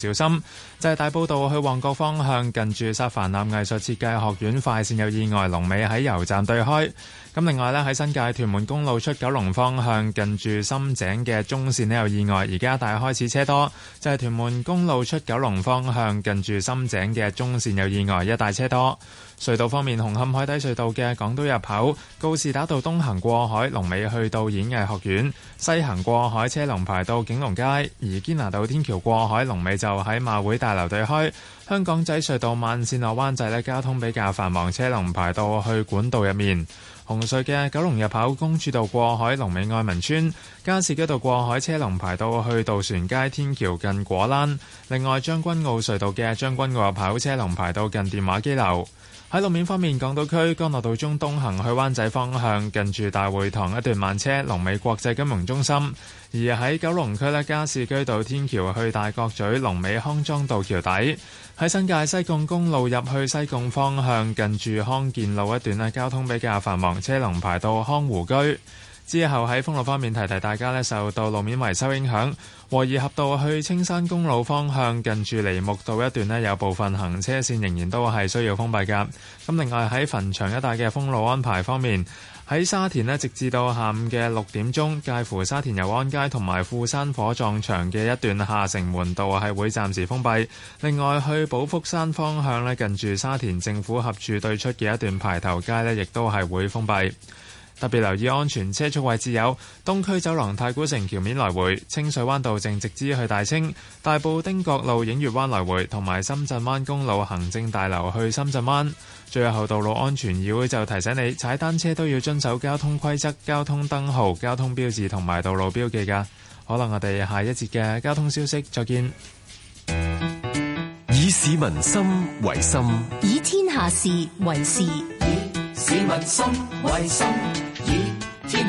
小心！就係、是、大埔道去旺角方向，近住薩凡納藝術設計學院快線有意外，龍尾喺油站對開。咁另外呢，喺新界屯門公路出九龍方向，近住深井嘅中線呢有意外，而家大開始車多。就係、是、屯門公路出九龍方向，近住深井嘅中線有意外，一大車多。隧道方面，紅磡海底隧道嘅港島入口告士打道東行過海，龍尾去到演藝學院；西行過海車龍排到景隆街。而堅拿道天橋過海龍尾就喺馬會大樓對開。香港仔隧道慢線落灣仔呢，交通比較繁忙，車龍排到去管道入面。紅隧嘅九龍入口公主道過海龍尾愛民村，加士居道過海車龍排到去渡船街天橋近果欄。另外，將軍澳隧道嘅將軍澳入口車龍排到近電話機樓。喺路面方面，港島區干諾道中東行去灣仔方向，近住大會堂一段慢車，龍尾國際金融中心。而喺九龍區咧，加士居道天橋去大角咀龍尾康莊道橋底。喺新界西貢公路入去西貢方向，近住康健路一段交通比較繁忙，車龍排到康湖居。之後喺封路方面提提大家呢受到路面維修影響，和宜合道去青山公路方向近住梨木道一段呢，有部分行車線仍然都係需要封閉嘅。咁另外喺墳場一帶嘅封路安排方面，喺沙田呢，直至到下午嘅六點鐘，介乎沙田游安街同埋富山火葬場嘅一段下城門道係會暫時封閉。另外去寶福山方向呢，近住沙田政府合署對出嘅一段排頭街呢，亦都係會封閉。特別留意安全車速位置有東區走廊、太古城橋面來回、清水灣道正直至去大清、大埔汀角路映月灣來回、同埋深圳灣公路行政大樓去深圳灣。最後，道路安全議會就提醒你，踩單車都要遵守交通規則、交通燈號、交通標誌同埋道路標記噶。可能我哋下一節嘅交通消息再見。以心心以。以市民心為心，以天下事為事，以市民心為心。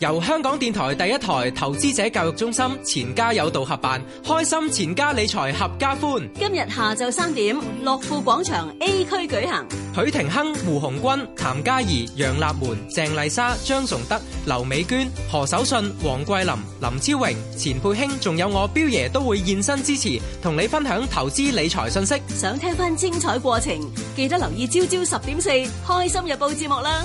由香港電台第一台投資者教育中心錢家有道合辦，開心錢家理財合家歡。今日下晝三點，樂富廣場 A 區舉行。許廷鏗、胡鴻鈞、譚嘉儀、楊立門、鄭麗莎、張崇德、劉美娟、何守信、黃桂林、林超榮、錢佩卿，仲有我彪爺都會現身支持，同你分享投資理財信息。想聽翻精彩過程，記得留意朝朝十點四開心日報節目啦。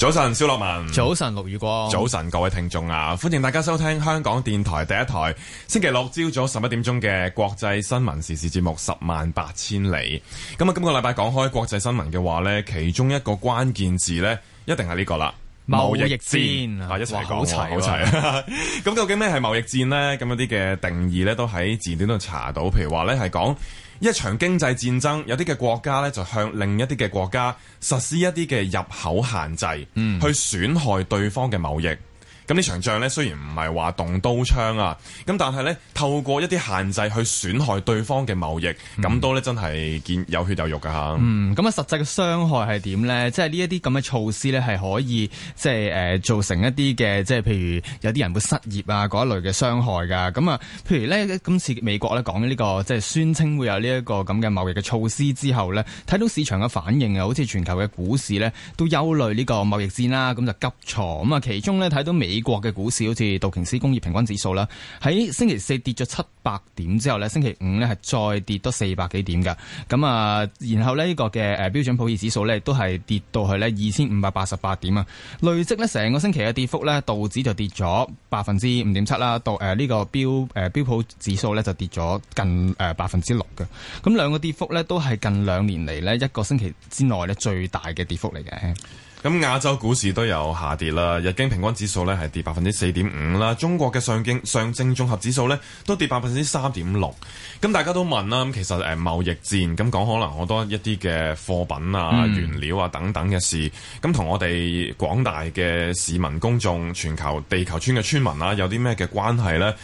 早晨，蕭樂文。早晨，陸雨光。早晨，各位聽眾啊，歡迎大家收聽香港電台第一台星期六朝早十一點鐘嘅國際新聞時事節目《十萬八千里》。咁啊，今個禮拜講開國際新聞嘅話呢，其中一個關鍵字呢，一定係呢個啦，貿易戰,貿易戰啊，一齊講，好齊、啊，好齊齊、啊。咁 究竟咩係貿易戰呢？咁嗰啲嘅定義呢，都喺字典度查到。譬如話呢係講。一場經濟戰爭，有啲嘅國家呢，就向另一啲嘅國家實施一啲嘅入口限制，嗯、去損害對方嘅貿易。咁呢場仗呢，雖然唔係話動刀槍啊，咁但係呢，透過一啲限制去損害對方嘅貿易，咁、嗯、都呢真係見有血有肉噶吓、啊。嗯，咁啊實際嘅傷害係點呢？即係呢一啲咁嘅措施呢，係可以即係誒造成一啲嘅即係譬如有啲人會失業啊，嗰一類嘅傷害噶。咁啊，譬如呢，今次美國呢講呢、這個即係、就是、宣稱會有呢一個咁嘅貿易嘅措施之後呢，睇到市場嘅反應啊，好似全球嘅股市呢，都憂慮呢個貿易戰啦、啊，咁就急挫。咁啊，其中呢，睇到美。美國嘅股市好似道瓊斯工業平均指數啦，喺星期四跌咗七百點之後咧，星期五咧係再跌多四百幾點嘅。咁啊，然後咧呢個嘅誒標準普爾指數咧都係跌到去咧二千五百八十八點啊。累積咧成個星期嘅跌幅咧，道指就跌咗百分之五點七啦，到誒呢個標誒標普指數咧就跌咗近誒百分之六嘅。咁兩個跌幅咧都係近兩年嚟咧一個星期之內咧最大嘅跌幅嚟嘅。咁亞洲股市都有下跌啦，日經平均指數咧係跌百分之四點五啦，中國嘅上經上證綜合指數咧都跌百分之三點六。咁大家都問啦，其實誒貿易戰咁講，可能好多一啲嘅貨品啊、原料啊等等嘅事，咁同、嗯、我哋廣大嘅市民公眾、全球地球村嘅村民啊，有啲咩嘅關係呢？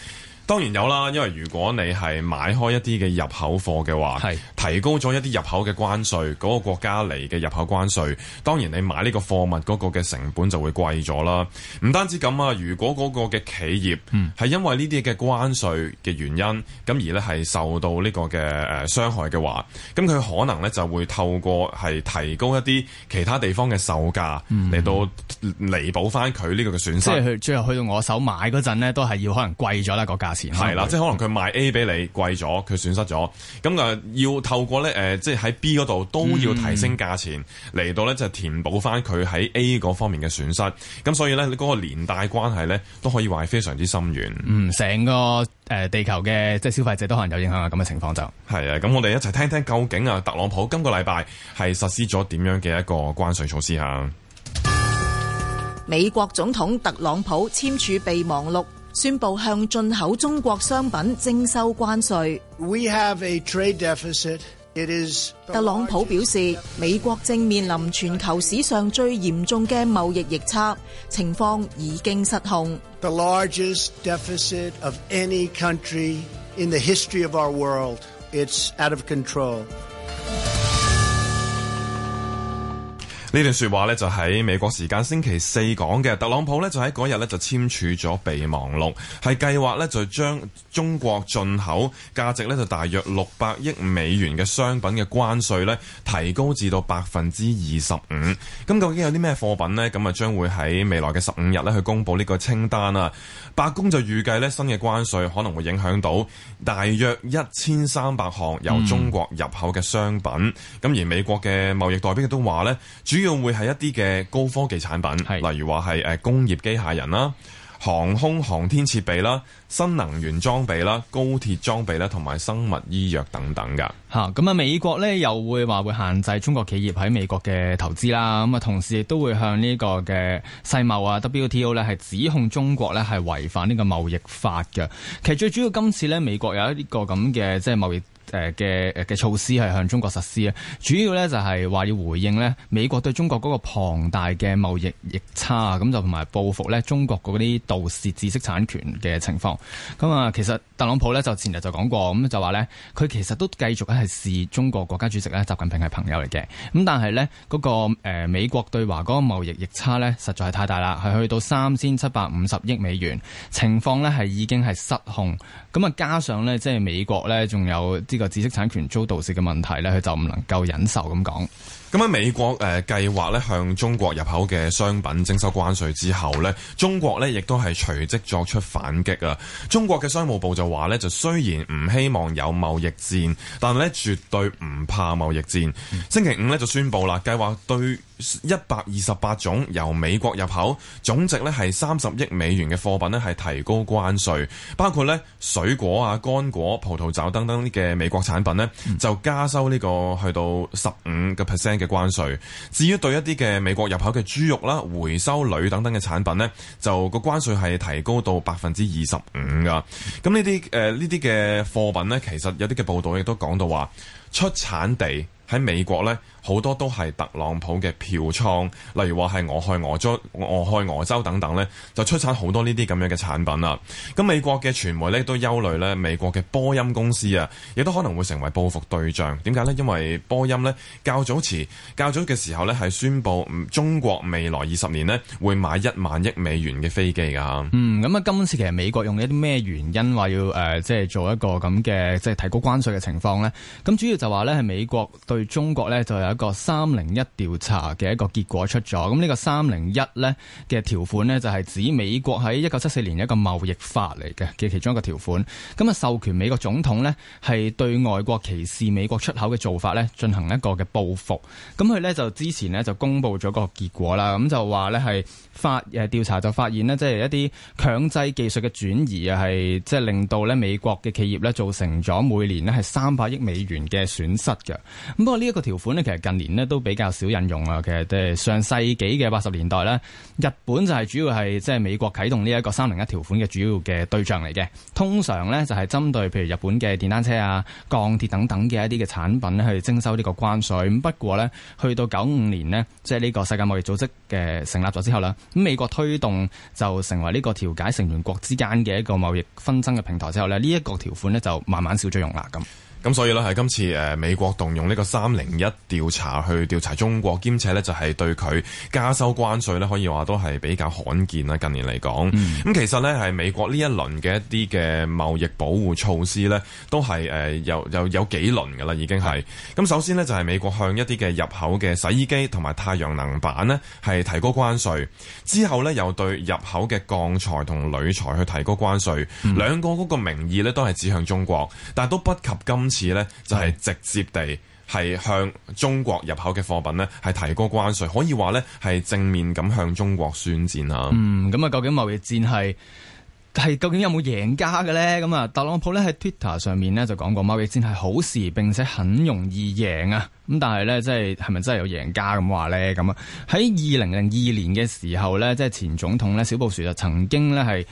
當然有啦，因為如果你係買開一啲嘅入口貨嘅話，是提高咗一啲入口嘅關稅，嗰、嗰個國家嚟嘅入口關稅，當然你買呢個貨物嗰個嘅成本就會貴咗啦。唔單止咁啊，如果嗰個嘅企業係因為呢啲嘅關稅嘅原因，咁、嗯、而呢係受到呢個嘅誒傷害嘅話，咁佢可能呢就會透過係提高一啲其他地方嘅售價嚟、嗯、到彌補翻佢呢個嘅損失。即係去最後去到我手買嗰陣呢，都係要可能貴咗啦個價。係啦，即係可能佢賣 A 俾你貴咗，佢損失咗，咁啊要透過咧誒、呃，即係喺 B 嗰度都要提升價錢嚟、嗯、到咧，就填補翻佢喺 A 嗰方面嘅損失。咁所以咧，嗰、嗰個連帶關係咧都可以話係非常之深遠。嗯，成個誒地球嘅即係消費者都可能有影響啊！咁嘅情況就係啊，咁我哋一齊聽聽究竟啊，特朗普今個禮拜係實施咗點樣嘅一個關稅措施吓？美國總統特朗普簽署備忘錄。宣布向進口中國商品徵收關稅。特朗普表示，largest 美國正面臨全球史上最嚴重嘅貿易逆差，情況已經失控。The 呢段說話呢，就喺美國時間星期四講嘅，特朗普呢，就喺嗰日呢，就簽署咗備忘錄，係計劃呢，就將中國進口價值呢，就大約六百億美元嘅商品嘅關稅呢，提高至到百分之二十五。咁究竟有啲咩貨品呢？咁啊將會喺未來嘅十五日呢，去公布呢個清單啊。白宮就預計呢，新嘅關稅可能會影響到大約一千三百項由中國入口嘅商品。咁、嗯、而美國嘅貿易代表亦都話呢。主要。主要會係一啲嘅高科技產品，例如話係誒工業機械人啦、航空航天設備啦、新能源裝備啦、高鐵裝備啦，同埋生物醫藥等等噶。吓、嗯，咁啊美國咧又會話會限制中國企業喺美國嘅投資啦，咁啊同時亦都會向這個呢個嘅世貿啊 WTO 咧係指控中國咧係違反呢個貿易法嘅。其實最主要今次咧美國有一個咁嘅即係貿易。誒嘅誒嘅措施係向中國實施啊，主要咧就係話要回應咧美國對中國嗰個龐大嘅貿易逆差啊，咁就同埋報復咧中國嗰啲盜竊知識產權嘅情況。咁啊，其實。特朗普咧就前日就講過，咁就話咧，佢其實都繼續係視中國國家主席咧習近平係朋友嚟嘅，咁但係咧嗰個誒美國對華嗰個貿易逆差咧，實在係太大啦，係去到三千七百五十億美元，情況咧係已經係失控，咁啊加上咧即係美國咧仲有呢個知識產權遭盜竊嘅問題咧，佢就唔能夠忍受咁講。咁喺美國誒、呃、計劃咧向中國入口嘅商品徵收關稅之後咧，中國咧亦都係隨即作出反擊啊！中國嘅商務部就話咧，就雖然唔希望有貿易戰，但係咧絕對唔怕貿易戰。嗯、星期五咧就宣布啦，計劃對。一百二十八種由美國入口總值咧係三十億美元嘅貨品咧係提高關稅，包括咧水果啊、乾果、葡萄酒等等嘅美國產品咧，就加收呢個去到十五個 percent 嘅關稅。至於對一啲嘅美國入口嘅豬肉啦、回收鋁等等嘅產品咧，就個關稅係提高到百分之二十五㗎。咁呢啲誒呢啲嘅貨品咧，其實有啲嘅報導亦都講到話，出產地喺美國咧。好多都係特朗普嘅票倉，例如話係俄亥俄州、俄亥俄州等等呢就出產好多呢啲咁樣嘅產品啦。咁美國嘅傳媒呢都憂慮呢美國嘅波音公司啊，亦都可能會成為報復對象。點解呢？因為波音呢較早時、較早嘅時候呢係宣布中國未來二十年呢會買一萬億美元嘅飛機㗎。嗯，咁啊，今次其實美國用一啲咩原因話要即係、呃即係、做一個咁嘅即係提高關稅嘅情況呢？咁主要就話呢係美國對中國呢就有。個三零一調查嘅一個結果出咗，咁呢個三零一呢嘅條款呢，就係指美國喺一九七四年一個貿易法嚟嘅嘅其中一個條款，咁啊授權美國總統呢，係對外國歧視美國出口嘅做法呢進行一個嘅報復，咁佢呢，就之前呢，就公布咗個結果啦，咁就話呢，係發誒調查就發現呢，即係一啲強制技術嘅轉移啊，係即係令到呢美國嘅企業呢，造成咗每年呢係三百億美元嘅損失嘅，咁不過呢一個條款呢，其實近年咧都比較少引用啊，其實上世紀嘅八十年代咧，日本就係主要係即係美國啟動呢一個三零一條款嘅主要嘅對象嚟嘅，通常咧就係針對譬如日本嘅電單車啊、鋼鐵等等嘅一啲嘅產品咧去徵收呢個關稅。咁不過咧，去到九五年呢，即係呢個世界貿易組織嘅成立咗之後啦，咁美國推動就成為呢個調解成員國之間嘅一個貿易紛爭嘅平台之後咧，呢一個條款咧就慢慢少咗用啦咁。咁所以咧，係今次誒、呃、美國動用呢個三零一調查去調查中國，兼且咧就係、是、對佢加收關稅咧，可以話都係比較罕見啦。近年嚟講，咁其實咧係美國呢一輪嘅一啲嘅貿易保護措施咧，都係誒、呃、有有有幾輪噶啦，已經係咁、嗯、首先咧就係、是、美國向一啲嘅入口嘅洗衣機同埋太陽能板咧，係提高關稅。之後咧又對入口嘅鋼材同鋁材去提高關稅，兩、嗯、個嗰個名義咧都係指向中國，但都不及今。因此呢，就係直接地係向中國入口嘅貨品呢，係提高關稅，可以話呢，係正面咁向中國宣戰嚇。嗯，咁啊，究竟貿易戰係？係究竟有冇贏家嘅咧？咁啊，特朗普咧喺 Twitter 上面咧就講過，貿易戰係好事並且很容易贏啊！咁但係咧，即係係咪真係有贏家咁話咧？咁啊，喺二零零二年嘅時候咧，即係前總統咧小布什就曾經咧係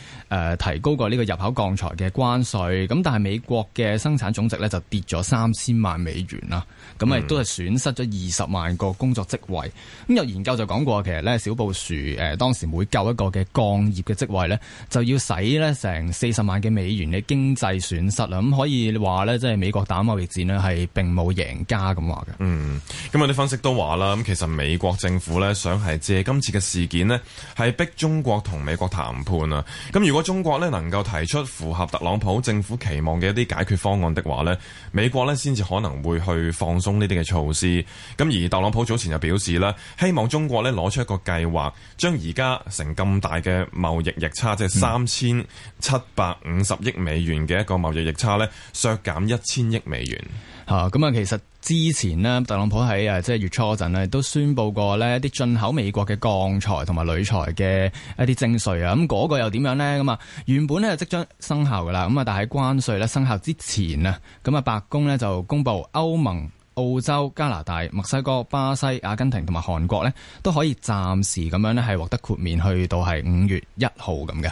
誒提高過呢個入口鋼材嘅關稅，咁但係美國嘅生產總值咧就跌咗三千萬美元啦。咁亦、嗯、都係損失咗二十萬個工作職位。咁有研究就講過，其實咧小布薯誒當時每救一個嘅鋼業嘅職位咧，就要使咧成四十萬嘅美元嘅經濟損失啦。咁可以話咧，即係美國打貿易戰咧係並冇贏家咁話嘅。嗯，咁有啲分析都話啦，咁其實美國政府咧想係借今次嘅事件咧，係逼中國同美國談判啊。咁如果中國咧能夠提出符合特朗普政府期望嘅一啲解決方案的話咧，美國咧先至可能會去放。中呢啲嘅措施，咁而特朗普早前就表示啦，希望中國咧攞出一個計劃，將而家成咁大嘅貿易逆差，即係三千七百五十億美元嘅一個貿易逆差咧，削減一千億美元。咁啊、嗯，其實之前呢，特朗普喺即係月初陣呢都宣布過呢一啲進口美國嘅鋼材同埋鋁材嘅一啲徵稅啊，咁、那、嗰個又點樣呢？咁啊，原本咧就即將生效噶啦，咁啊，但係喺關稅咧生效之前啊，咁啊，白宮咧就公布歐盟。澳洲、加拿大、墨西哥、巴西、阿根廷同埋韓國呢，都可以暫時咁樣，呢，係獲得豁免，去到係五月一號咁嘅。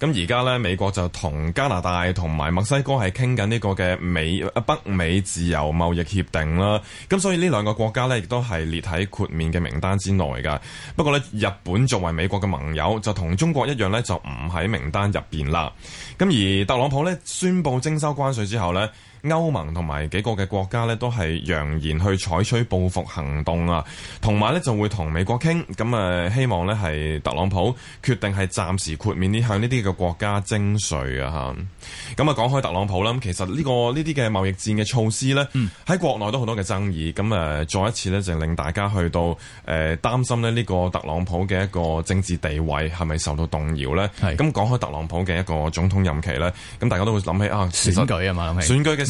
咁而家呢，美國就同加拿大同埋墨西哥係傾緊呢個嘅美北美自由貿易協定啦。咁所以呢兩個國家呢，亦都係列喺豁免嘅名單之內噶。不過呢，日本作為美國嘅盟友，就同中國一樣，呢，就唔喺名單入邊啦。咁而特朗普呢，宣布徵收關稅之後呢。歐盟同埋幾個嘅國家呢，都係揚言去採取報復行動啊，同埋呢就會同美國傾，咁誒希望呢係特朗普決定係暫時豁免呢向呢啲嘅國家徵稅啊嚇。咁啊講開特朗普啦，其實呢個呢啲嘅貿易戰嘅措施呢，喺國內都好多嘅爭議。咁誒再一次呢，就令大家去到誒擔心呢呢個特朗普嘅一個政治地位係咪受到動搖呢？係。咁講開特朗普嘅一個總統任期呢，咁大家都會諗起啊選舉啊嘛，選舉嘅。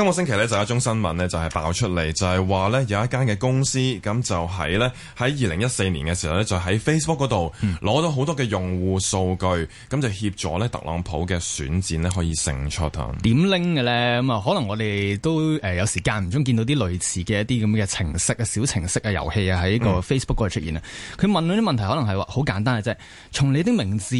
今個星期咧就有一宗新聞咧就係爆出嚟，就係話咧有一間嘅公司咁就喺咧喺二零一四年嘅時候咧就喺 Facebook 嗰度攞咗好多嘅用戶數據，咁就協助咧特朗普嘅選戰呢可以勝出。點拎嘅咧咁啊？可能我哋都誒有時間唔中見到啲類似嘅一啲咁嘅程式啊、小程式啊、遊戲啊喺個 Facebook 嗰度出現啊！佢、嗯、問嗰啲問題可能係話好簡單嘅啫，從你啲名字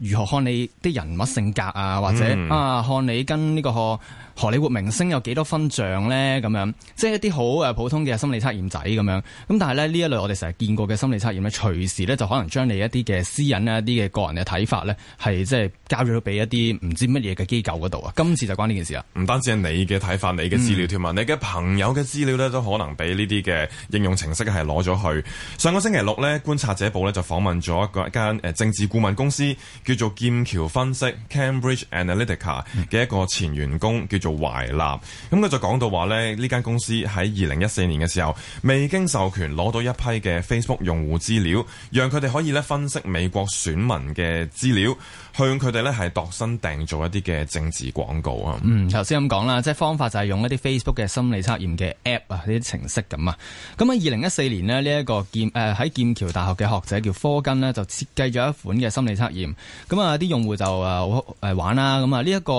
如何看你啲人物性格啊，或者啊，看你跟呢、這個。荷里活明星有幾多分像咧？咁樣即係一啲好誒普通嘅心理測驗仔咁樣。咁但係咧呢一類我哋成日見過嘅心理測驗咧，隨時咧就可能將你一啲嘅私隱啊、一啲嘅個人嘅睇法咧，係即係交咗俾一啲唔知乜嘢嘅機構嗰度啊。今次就關呢件事啊。唔單止係你嘅睇法、你嘅資料添啊，嗯、你嘅朋友嘅資料咧都可能俾呢啲嘅應用程式係攞咗去。上個星期六咧，《觀察者報》咧就訪問咗一個一間誒政治顧問公司叫做劍橋分析 （Cambridge Analytica） 嘅一個前員工、嗯做懷納，咁佢就講到話咧，呢間公司喺二零一四年嘅時候，未經授權攞到一批嘅 Facebook 用戶資料，讓佢哋可以咧分析美國選民嘅資料。向佢哋咧係度身訂做一啲嘅政治廣告啊！嗯，頭先咁講啦，即係方法就係用一啲 Facebook 嘅心理測驗嘅 App 啊，呢啲程式咁啊。咁喺二零一四年呢，呢一個劍、誒、喺劍橋大學嘅學者叫科根呢，就設計咗一款嘅心理測驗。咁啊，啲用戶就誒、呃、玩啦。咁啊，呢一個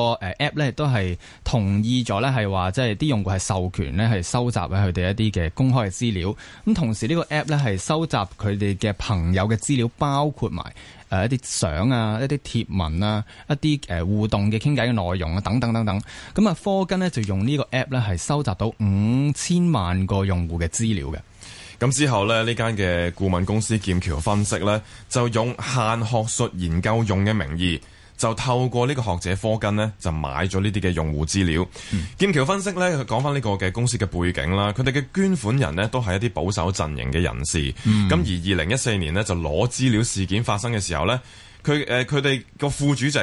App 咧，亦都係同意咗咧，係話即係啲用戶係授權咧，係收集咧佢哋一啲嘅公開嘅資料。咁同時呢個 App 咧係收集佢哋嘅朋友嘅資料，包括埋。誒一啲相啊，一啲貼文啊，一啲互動嘅傾偈嘅內容啊，等等等等。咁啊，科根呢就用呢個 app 咧係收集到五千萬個用戶嘅資料嘅。咁之後咧，呢間嘅顧問公司劍橋分析咧就用限學術研究用嘅名義。就透過呢個學者科根呢，就買咗呢啲嘅用戶資料。劍橋分析呢，佢講返呢個嘅公司嘅背景啦，佢哋嘅捐款人呢，都係一啲保守陣營嘅人士。咁、嗯、而二零一四年呢，就攞資料事件發生嘅時候呢，佢誒佢哋個副主席。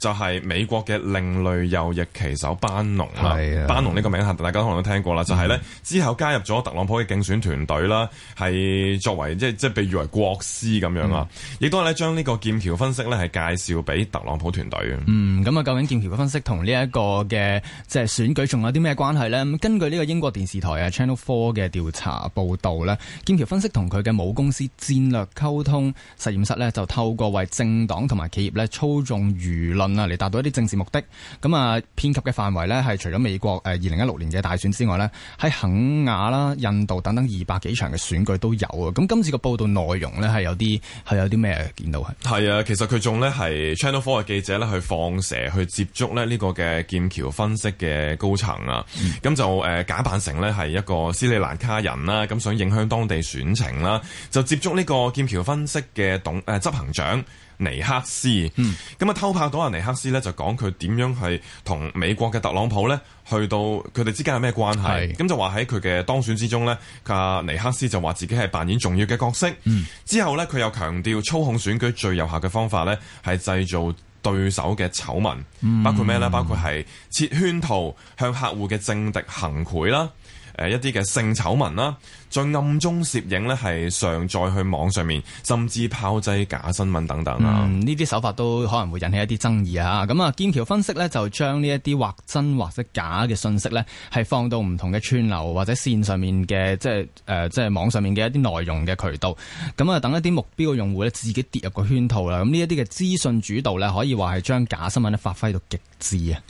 就係美國嘅另類右翼旗手班農啦，班農呢個名字大家可能都聽過啦。就係呢之後加入咗特朗普嘅競選團隊啦，係作為即係即係被譽為國師咁樣啊，亦都係咧將呢個劍橋分析呢係介紹俾特朗普團隊嘅。嗯，咁啊，究竟劍橋嘅分析同呢一個嘅即係選舉仲有啲咩關係呢？根據呢個英國電視台啊 Channel Four 嘅調查報導呢，劍橋分析同佢嘅母公司戰略溝通實驗室呢，就透過為政黨同埋企業呢操縱輿論。嚟達到一啲政治目的，咁啊遍及嘅範圍咧，係除咗美國誒二零一六年嘅大選之外咧，喺肯亞啦、印度等等二百幾場嘅選舉都有啊。咁今次嘅報道內容咧，係有啲係有啲咩見到啊？係啊，其實佢仲咧係 Channel Four 嘅記者咧去放蛇去接觸咧呢個嘅劍橋分析嘅高層啊，咁、嗯、就誒假扮成咧係一個斯里蘭卡人啦，咁想影響當地選情啦，就接觸呢個劍橋分析嘅董誒執行長。尼克斯，咁啊、嗯、偷拍到阿尼克斯咧，就講佢點樣係同美國嘅特朗普咧，去到佢哋之間有咩關係？咁是就話喺佢嘅當選之中咧，阿尼克斯就話自己係扮演重要嘅角色。嗯、之後咧，佢又強調操控選舉最有效嘅方法咧，係製造對手嘅醜聞，包括咩咧？包括係設圈套向客戶嘅政敵行賄啦。誒，一啲嘅性醜聞啦，再暗中攝影呢，係上載去網上面，甚至炮製假新聞等等。嗯，呢啲手法都可能會引起一啲爭議啊。咁啊，劍橋分析呢，就將呢一啲或真或者假嘅信息呢，係放到唔同嘅串流或者線上面嘅即係誒，即係、呃、網上面嘅一啲內容嘅渠道。咁啊，等一啲目標嘅用戶呢，自己跌入個圈套啦。咁呢一啲嘅資訊主導呢，可以話係將假新聞呢發揮到極致啊。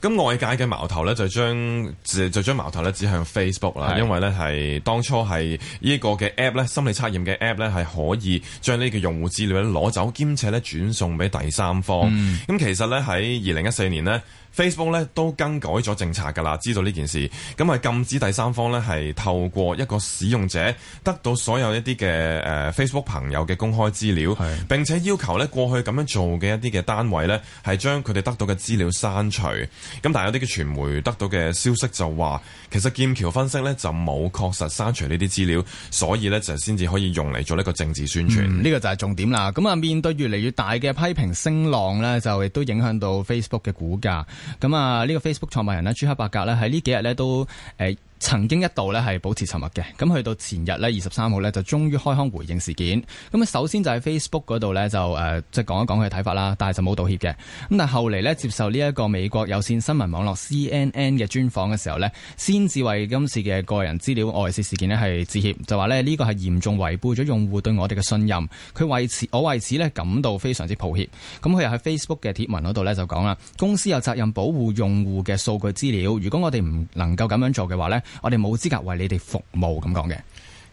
咁外界嘅矛頭咧就將就將矛頭咧指向 Facebook 啦，是的 因為咧係當初係呢個嘅 App 咧心理測驗嘅 App 咧係可以將呢個用戶資料咧攞走，兼且咧轉送俾第三方。咁、嗯、其實咧喺二零一四年呢。Facebook 咧都更改咗政策㗎啦，知道呢件事，咁啊禁止第三方呢，係透過一個使用者得到所有一啲嘅誒 Facebook 朋友嘅公開資料，係的並且要求呢過去咁樣做嘅一啲嘅單位呢，係將佢哋得到嘅資料刪除。咁但係有啲嘅傳媒得到嘅消息就話，其實劍橋分析呢就冇確實刪除呢啲資料，所以呢就先至可以用嚟做一個政治宣傳，呢、嗯呢個就係重點啦。咁啊面對越嚟越大嘅批評聲浪呢，就亦都影響到 Facebook 嘅股價。咁啊，呢個 Facebook 創辦人咧，朱克伯格咧，喺呢幾日咧都誒。曾經一度呢係保持沉默嘅，咁去到前日呢，二十三號呢，就終於開腔回應事件。咁啊，首先那裡就喺 Facebook 嗰度呢，就誒即係講一講佢嘅睇法啦，但係就冇道歉嘅。咁但係後嚟呢，接受呢一個美國有線新聞網絡 CNN 嘅專訪嘅時候呢，先至為今次嘅個人資料外泄事件呢係致歉，就話呢，呢個係嚴重違背咗用戶對我哋嘅信任。佢為此我為此呢感到非常之抱歉。咁佢又喺 Facebook 嘅貼文嗰度呢，就講啦，公司有責任保護用戶嘅數據資料，如果我哋唔能夠咁樣做嘅話呢，我哋冇資格為你哋服務，咁講嘅。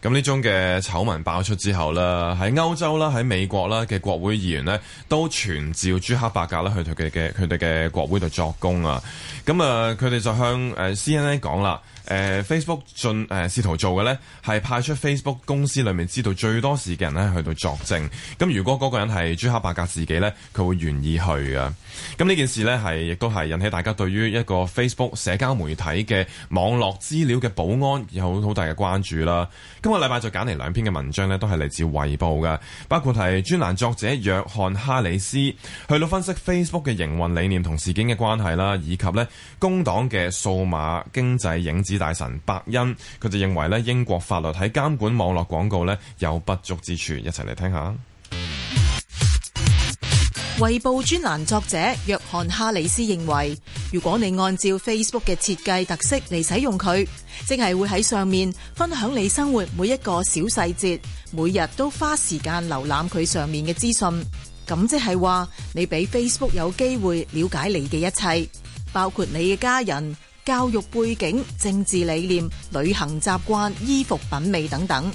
咁呢宗嘅醜聞爆出之後啦，喺歐洲啦，喺美國啦嘅國會議員呢，都傳召朱克伯格咧去佢嘅嘅佢哋嘅國會度作供啊。咁、嗯、啊，佢、呃、哋就向誒 C N N 講啦，誒、呃、Facebook 進誒試圖做嘅呢，係派出 Facebook 公司裏面知道最多事嘅人去度作證。咁、嗯、如果嗰個人係朱克伯格自己呢，佢會願意去嘅。咁、嗯、呢件事呢，係亦都係引起大家對於一個 Facebook 社交媒體嘅網絡資料嘅保安有好大嘅關注啦。嗯個禮拜再揀嚟兩篇嘅文章呢，都係嚟自《衛報》嘅，包括係專欄作者約翰哈里斯去到分析 Facebook 嘅營運理念同事件嘅關係啦，以及呢工黨嘅數碼經濟影子大臣伯恩，佢就認為呢英國法律喺監管網絡廣告呢有不足之處，一齊嚟聽下。《衛報》專欄作者約翰哈里斯認為，如果你按照 Facebook 嘅設計特色嚟使用佢，即係會喺上面分享你生活每一個小細節，每日都花時間瀏覽佢上面嘅資訊，咁即係話你俾 Facebook 有機會了解你嘅一切，包括你嘅家人、教育背景、政治理念、旅行習慣、衣服品味等等。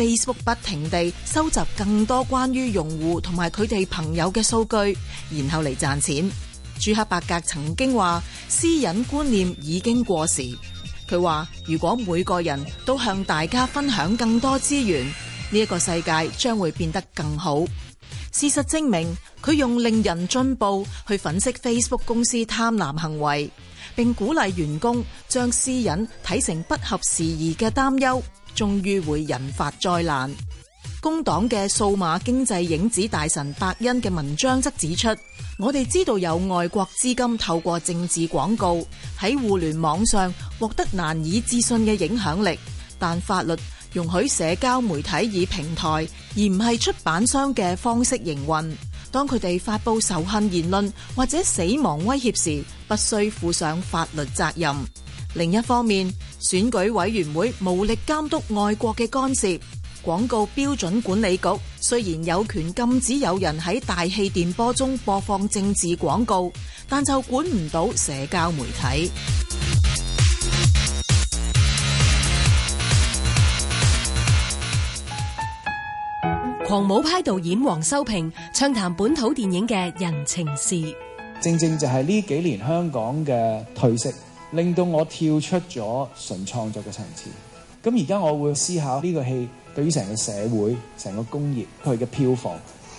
Facebook 不停地收集更多關於用戶同埋佢哋朋友嘅數據，然後嚟賺錢。朱克伯格曾經話，私隱觀念已經過時。佢話，如果每個人都向大家分享更多資源，呢一個世界將會變得更好。事實證明，佢用令人進步去粉飾 Facebook 公司貪婪行為，並鼓勵員工將私隱睇成不合時宜嘅擔憂。終於會引發災難。工黨嘅數碼經濟影子大臣伯恩嘅文章則指出，我哋知道有外國資金透過政治廣告喺互聯網上獲得難以置信嘅影響力，但法律容許社交媒體以平台而唔係出版商嘅方式營運。當佢哋發佈仇恨言論或者死亡威脅時，不需負上法律責任。另一方面，選舉委員會無力監督外國嘅干涉。廣告標準管理局雖然有權禁止有人喺大氣電波中播放政治廣告，但就管唔到社交媒體。狂舞派導演黃修平暢談本土電影嘅人情事。正正就係呢幾年香港嘅褪色。令到我跳出咗純創作嘅層次，咁而家我會思考呢個戲對於成個社會、成個工業佢嘅票房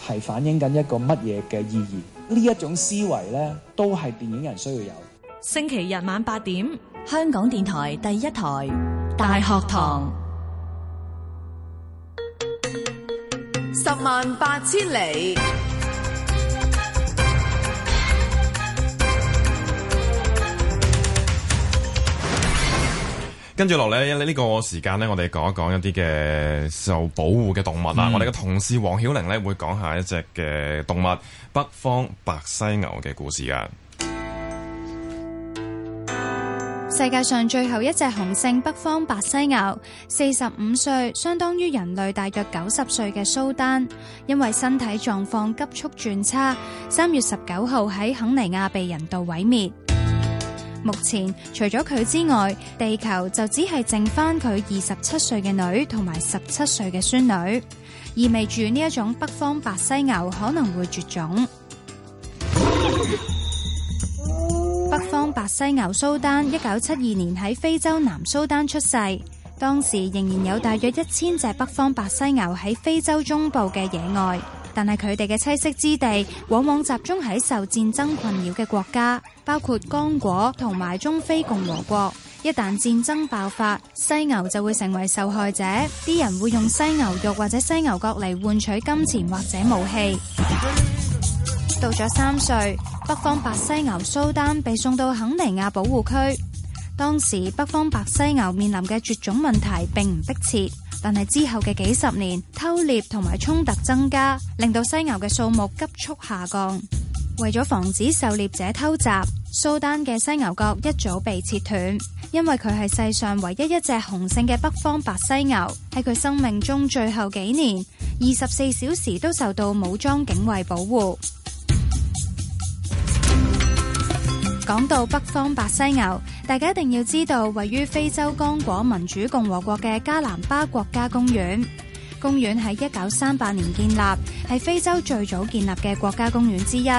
係反映緊一個乜嘢嘅意義？呢一種思維呢，都係電影人需要有。星期日晚八點，香港電台第一台大學堂，十萬八千里。跟住落嚟，呢呢、呢個時間呢我哋講一講一啲嘅受保護嘅動物啦，嗯、我哋嘅同事黃曉玲呢會講下一隻嘅動物北方白犀牛嘅故事噶。世界上最後一隻雄性北方白犀牛，四十五歲，相當於人類大約九十歲嘅蘇丹，因為身體狀況急速轉差，三月十九號喺肯尼亞被人道毀滅。目前除咗佢之外，地球就只係剩翻佢二十七歲嘅女同埋十七歲嘅孫女，意味住呢一種北方白犀牛可能會絕種。 北方白犀牛蘇丹一九七二年喺非洲南蘇丹出世，當時仍然有大約一千隻北方白犀牛喺非洲中部嘅野外。但係佢哋嘅棲息之地往往集中喺受戰爭困擾嘅國家，包括剛果同埋中非共和國。一旦戰爭爆發，犀牛就會成為受害者。啲人會用犀牛肉或者犀牛角嚟換取金錢或者武器。到咗三歲，北方白犀牛蘇丹被送到肯尼亞保護區。當時北方白犀牛面臨嘅絕種問題並唔迫切。但係之後嘅幾十年，偷獵同埋衝突增加，令到犀牛嘅數目急速下降。為咗防止狩獵者偷襲，蘇丹嘅犀牛角一早被切斷，因為佢係世上唯一一隻雄性嘅北方白犀牛，喺佢生命中最後幾年，二十四小時都受到武裝警衛保護。講到北方白犀牛，大家一定要知道位於非洲剛果民主共和國嘅加蘭巴國家公園。公園喺一九三八年建立，係非洲最早建立嘅國家公園之一。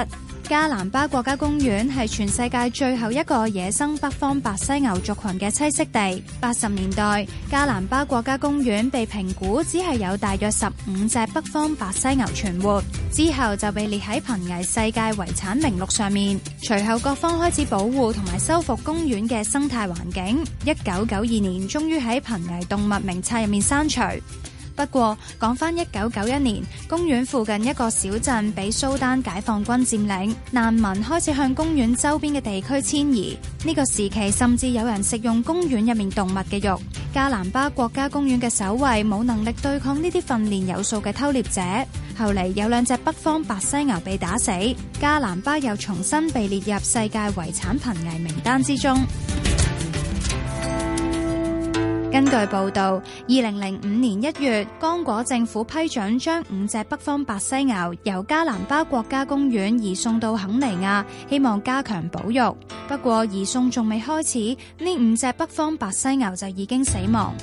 加蘭巴國家公園係全世界最後一個野生北方白犀牛族群嘅棲息地。八十年代，加蘭巴國家公園被評估只係有大約十五隻北方白犀牛存活，之後就被列喺瀕危世界遺產名錄上面。隨後各方開始保護同埋修復公園嘅生態環境。一九九二年，終於喺瀕危動物名冊入面刪除。不過，講翻一九九一年，公園附近一個小鎮被蘇丹解放軍佔領，難民開始向公園周邊嘅地區遷移。呢、這個時期，甚至有人食用公園入面動物嘅肉。加蘭巴國家公園嘅守衛冇能力對抗呢啲訓練有素嘅偷獵者。後嚟有兩隻北方白犀牛被打死，加蘭巴又重新被列入世界遺產瀕危名單之中。根據報導，二零零五年一月，剛果政府批准將五隻北方白犀牛由加蘭巴國家公園移送到肯尼亞，希望加強保育。不過，移送仲未開始，呢五隻北方白犀牛就已經死亡。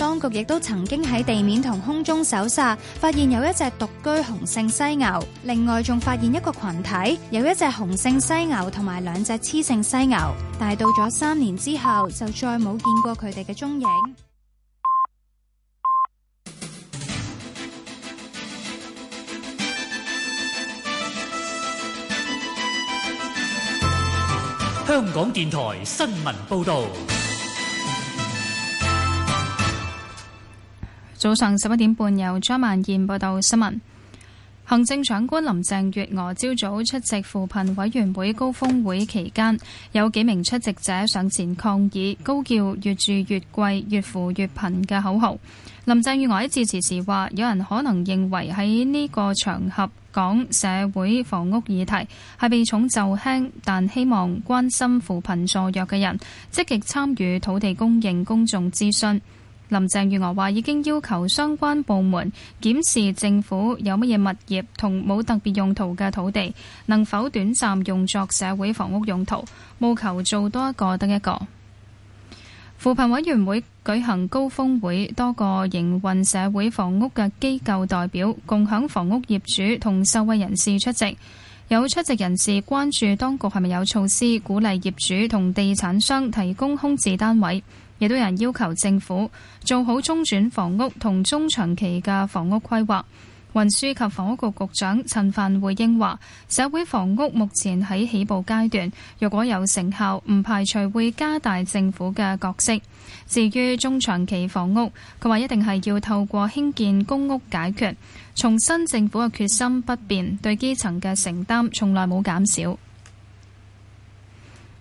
當局亦都曾經喺地面同空中搜查，發現有一隻獨居雄性犀牛，另外仲發現一個羣體，有一隻雄性犀牛同埋兩隻雌性犀牛，但係到咗三年之後就再冇見過佢哋嘅蹤影。香港電台新聞報導。早上十一點半，由張萬燕報道新聞。行政長官林鄭月娥朝早出席扶貧委員會高峰會期間，有幾名出席者上前抗議，高叫越住越貴、越扶越貧嘅口號。林鄭月娥喺致辭時話，有人可能認為喺呢個場合講社會房屋議題係避重就輕，但希望關心扶貧助弱嘅人積極參與土地供應公眾諮詢。林鄭月娥話：已經要求相關部門檢視政府有乜嘢物業同冇特別用途嘅土地，能否短暫用作社會房屋用途，務求做多一個得一個。扶貧委員會舉行高峰會，多個營運社會房屋嘅機構代表、共享房屋業主同受惠人士出席。有出席人士關注當局係咪有措施鼓勵業主同地產商提供空置單位。亦都有人要求政府做好中轉房屋同中長期嘅房屋規劃。運輸及房屋局局長陳帆回應話，社會房屋目前喺起步階段，若果有成效，唔排除會加大政府嘅角色。至於中長期房屋，佢話一定係要透過興建公屋解決，重申政府嘅決心不變，對基層嘅承擔從來冇減少。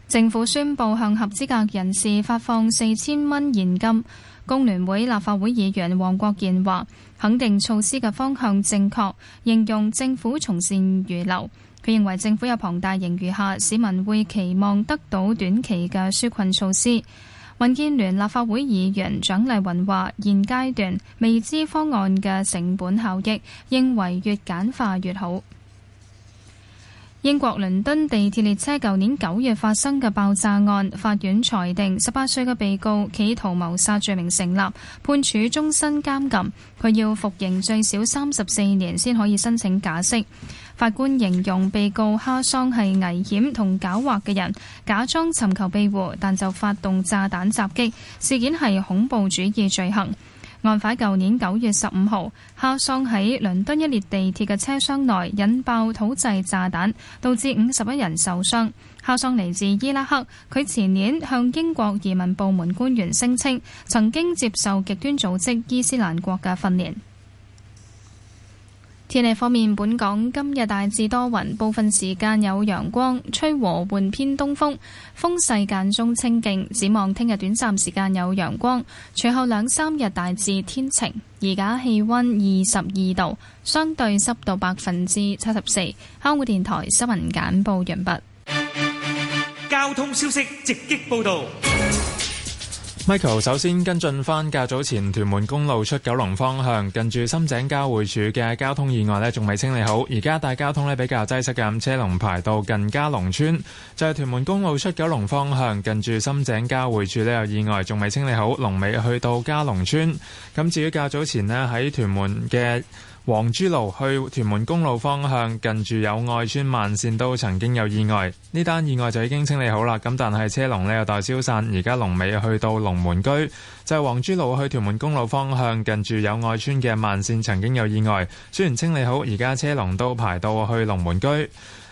政府宣佈向合資格人士發放四千蚊現金。工聯會立法會議員黃國健話：肯定措施嘅方向正確，形容政府從善如流。佢認為政府有龐大盈餘下，市民會期望得到短期嘅紓困措施。民建聯立法會議員蔣麗芸話：現階段未知方案嘅成本效益，認為越簡化越好。英國倫敦地鐵列車舊年九月發生嘅爆炸案，法院裁定十八歲嘅被告企圖謀殺罪名成立，判處終身監禁。佢要服刑最少三十四年先可以申請假釋。法官形容被告哈桑係危險同狡猾嘅人，假裝尋求庇護，但就發動炸彈襲擊。事件係恐怖主義罪行。案發舊年九月十五號，哈桑喺倫敦一列地鐵嘅車廂內引爆土製炸彈，導致五十一人受傷。哈桑嚟自伊拉克，佢前年向英國移民部門官員聲稱曾經接受極端組織伊斯蘭國嘅訓練。天氣方面，本港今日大致多雲，部分時間有陽光，吹和緩偏東風，風勢間中清勁。展望聽日短暫時間有陽光，隨後兩三日大致天晴。而家氣溫二十二度，相對濕度百分之七十四。香港電台新聞簡報，完畢。交通消息直擊報道。Michael 首先，跟進返較早前屯門公路出九龍方向，近住深井交匯處嘅交通意外咧，仲未清理好，而家大交通咧比較擠塞嘅，咁車龍排到近加龍村。就係屯門公路出九龍方向，近住深井交匯處呢有意外，仲未清理好，龍尾去到加龍村。咁至於較早前咧喺屯門嘅。皇珠路去屯門公路方向近住友愛村慢線都曾經有意外，呢單意外就已經清理好啦。咁但係車龍呢又待消散，而家龍尾去到龍門居。就係、是、皇珠路去屯門公路方向近住友愛村嘅慢線曾經有意外，雖然清理好，而家車龍都排到去龍門居。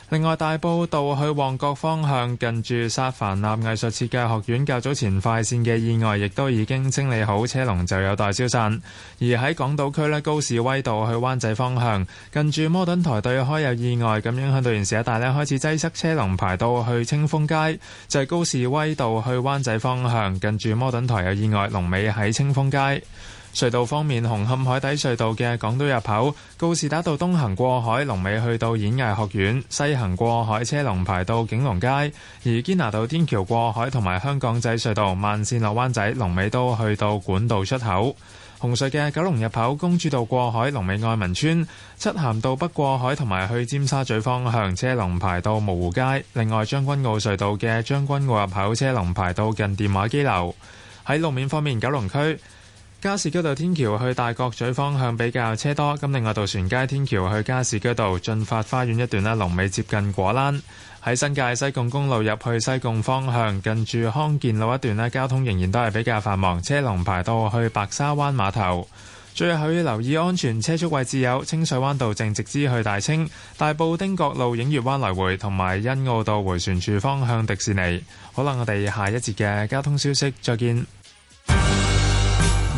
另外，大埔道去旺角方向，近住薩凡納藝術設計學院，較早前快線嘅意外，亦都已經清理好，車龍就有待消散。而喺港島區呢，高士威道去灣仔方向，近住摩頓台對開有意外，咁影響到現時一帶呢，開始擠塞，車龍，排到去清風街，就係、是、高士威道去灣仔方向，近住摩頓台有意外，龍尾喺清風街。隧道方面，紅磡海底隧道嘅港島入口，告士打道東行過海，龍尾去到演藝學院；西行過海，車龍排到景隆街。而堅拿道天橋過海同埋香港仔隧道慢線落灣仔，龍尾都去到管道出口。紅隧嘅九龍入口，公主道過海，龍尾愛民村；漆咸道北過海同埋去尖沙咀方向，車龍排到蕪湖街。另外，將軍澳隧道嘅將軍澳入口，車龍排到近電話機樓。喺路面方面，九龍區。加士居道天橋去大角咀方向比較車多，咁另外渡船街天橋去加士居道駿發花園一段呢龍尾接近果欄。喺新界西貢公路入去西貢方向，近住康健路一段呢，交通仍然都係比較繁忙，車龍排到去白沙灣碼頭。最後要留意安全車速位置，有清水灣道正直之去大清、大埔丁角路映月灣來回，同埋欣澳道回旋處方向迪士尼。好啦，我哋下一節嘅交通消息再見。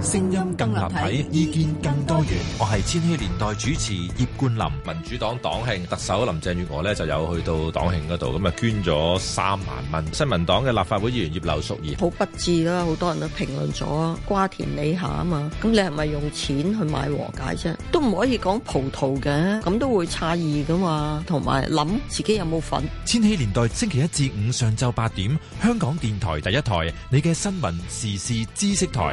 聲音更立體，意見更多元。我係千禧年代主持葉冠霖。民主黨黨慶，特首林鄭月娥呢就有去到黨慶嗰度，咁啊捐咗三萬蚊。新民黨嘅立法會議員葉劉淑儀，好不智啦！好多人都評論咗瓜田李下啊嘛，咁你係咪用錢去買和解啫？都唔可以講葡萄嘅，咁都會詫異噶嘛，同埋諗自己有冇份。千禧年代星期一至五上晝八點，香港電台第一台，你嘅新聞時事知識台。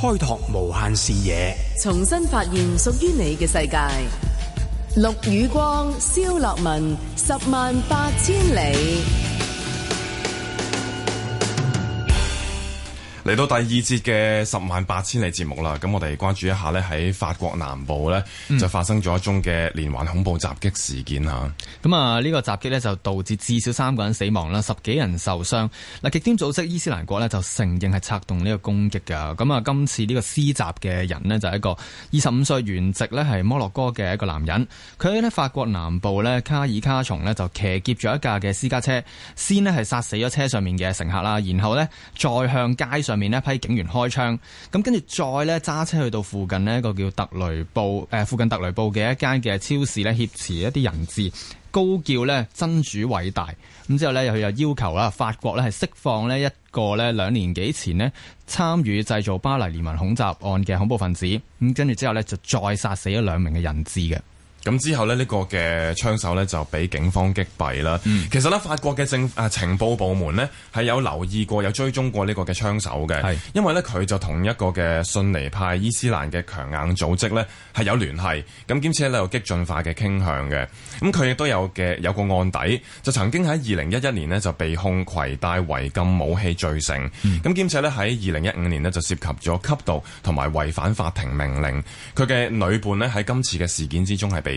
開拓無限視野，重新發現屬於你嘅世界。陸與光，蕭樂文，十萬八千里。嚟到第二節嘅十萬八千里節目啦，咁我哋關注一下咧，喺法國南部咧就發生咗一宗嘅連環恐怖襲擊事件嚇。咁啊、嗯，呢個襲擊咧就導致至少三個人死亡啦，十幾人受傷，嗱，極端組織伊斯蘭國咧就承認係策動呢個攻擊噶。咁啊，今次呢個施襲嘅人咧就係一個二十五歲原籍咧係摩洛哥嘅一個男人，佢喺咧法國南部咧卡爾卡松咧就騎劫咗一架嘅私家車，先咧係殺死咗車上面嘅乘客啦，然後咧再向街上。下面一批警員開槍，咁跟住再咧揸車去到附近呢一個叫特雷布誒、呃，附近特雷布嘅一間嘅超市咧挾持一啲人質，高叫咧真主偉大，咁之後咧佢又要求啦，法國咧係釋放呢一個咧兩年幾前呢參與製造巴黎連環恐襲案嘅恐怖分子，咁跟住之後咧就再殺死咗兩名嘅人質嘅。咁之後呢，呢個嘅槍手呢，就俾警方擊斃啦。嗯、其實呢，法國嘅政啊情報部門呢，係有留意過、有追蹤過呢個嘅槍手嘅，因為呢，佢就同一個嘅遜尼派伊斯蘭嘅強硬組織呢，係有聯繫。咁兼且呢，有激進化嘅傾向嘅。咁佢亦都有嘅有個案底，就曾經喺二零一一年呢，就被控攜帶違禁武器罪成。咁兼、嗯、且呢，喺二零一五年呢，就涉及咗吸毒同埋違反法庭命令。佢嘅女伴呢，喺今次嘅事件之中係被。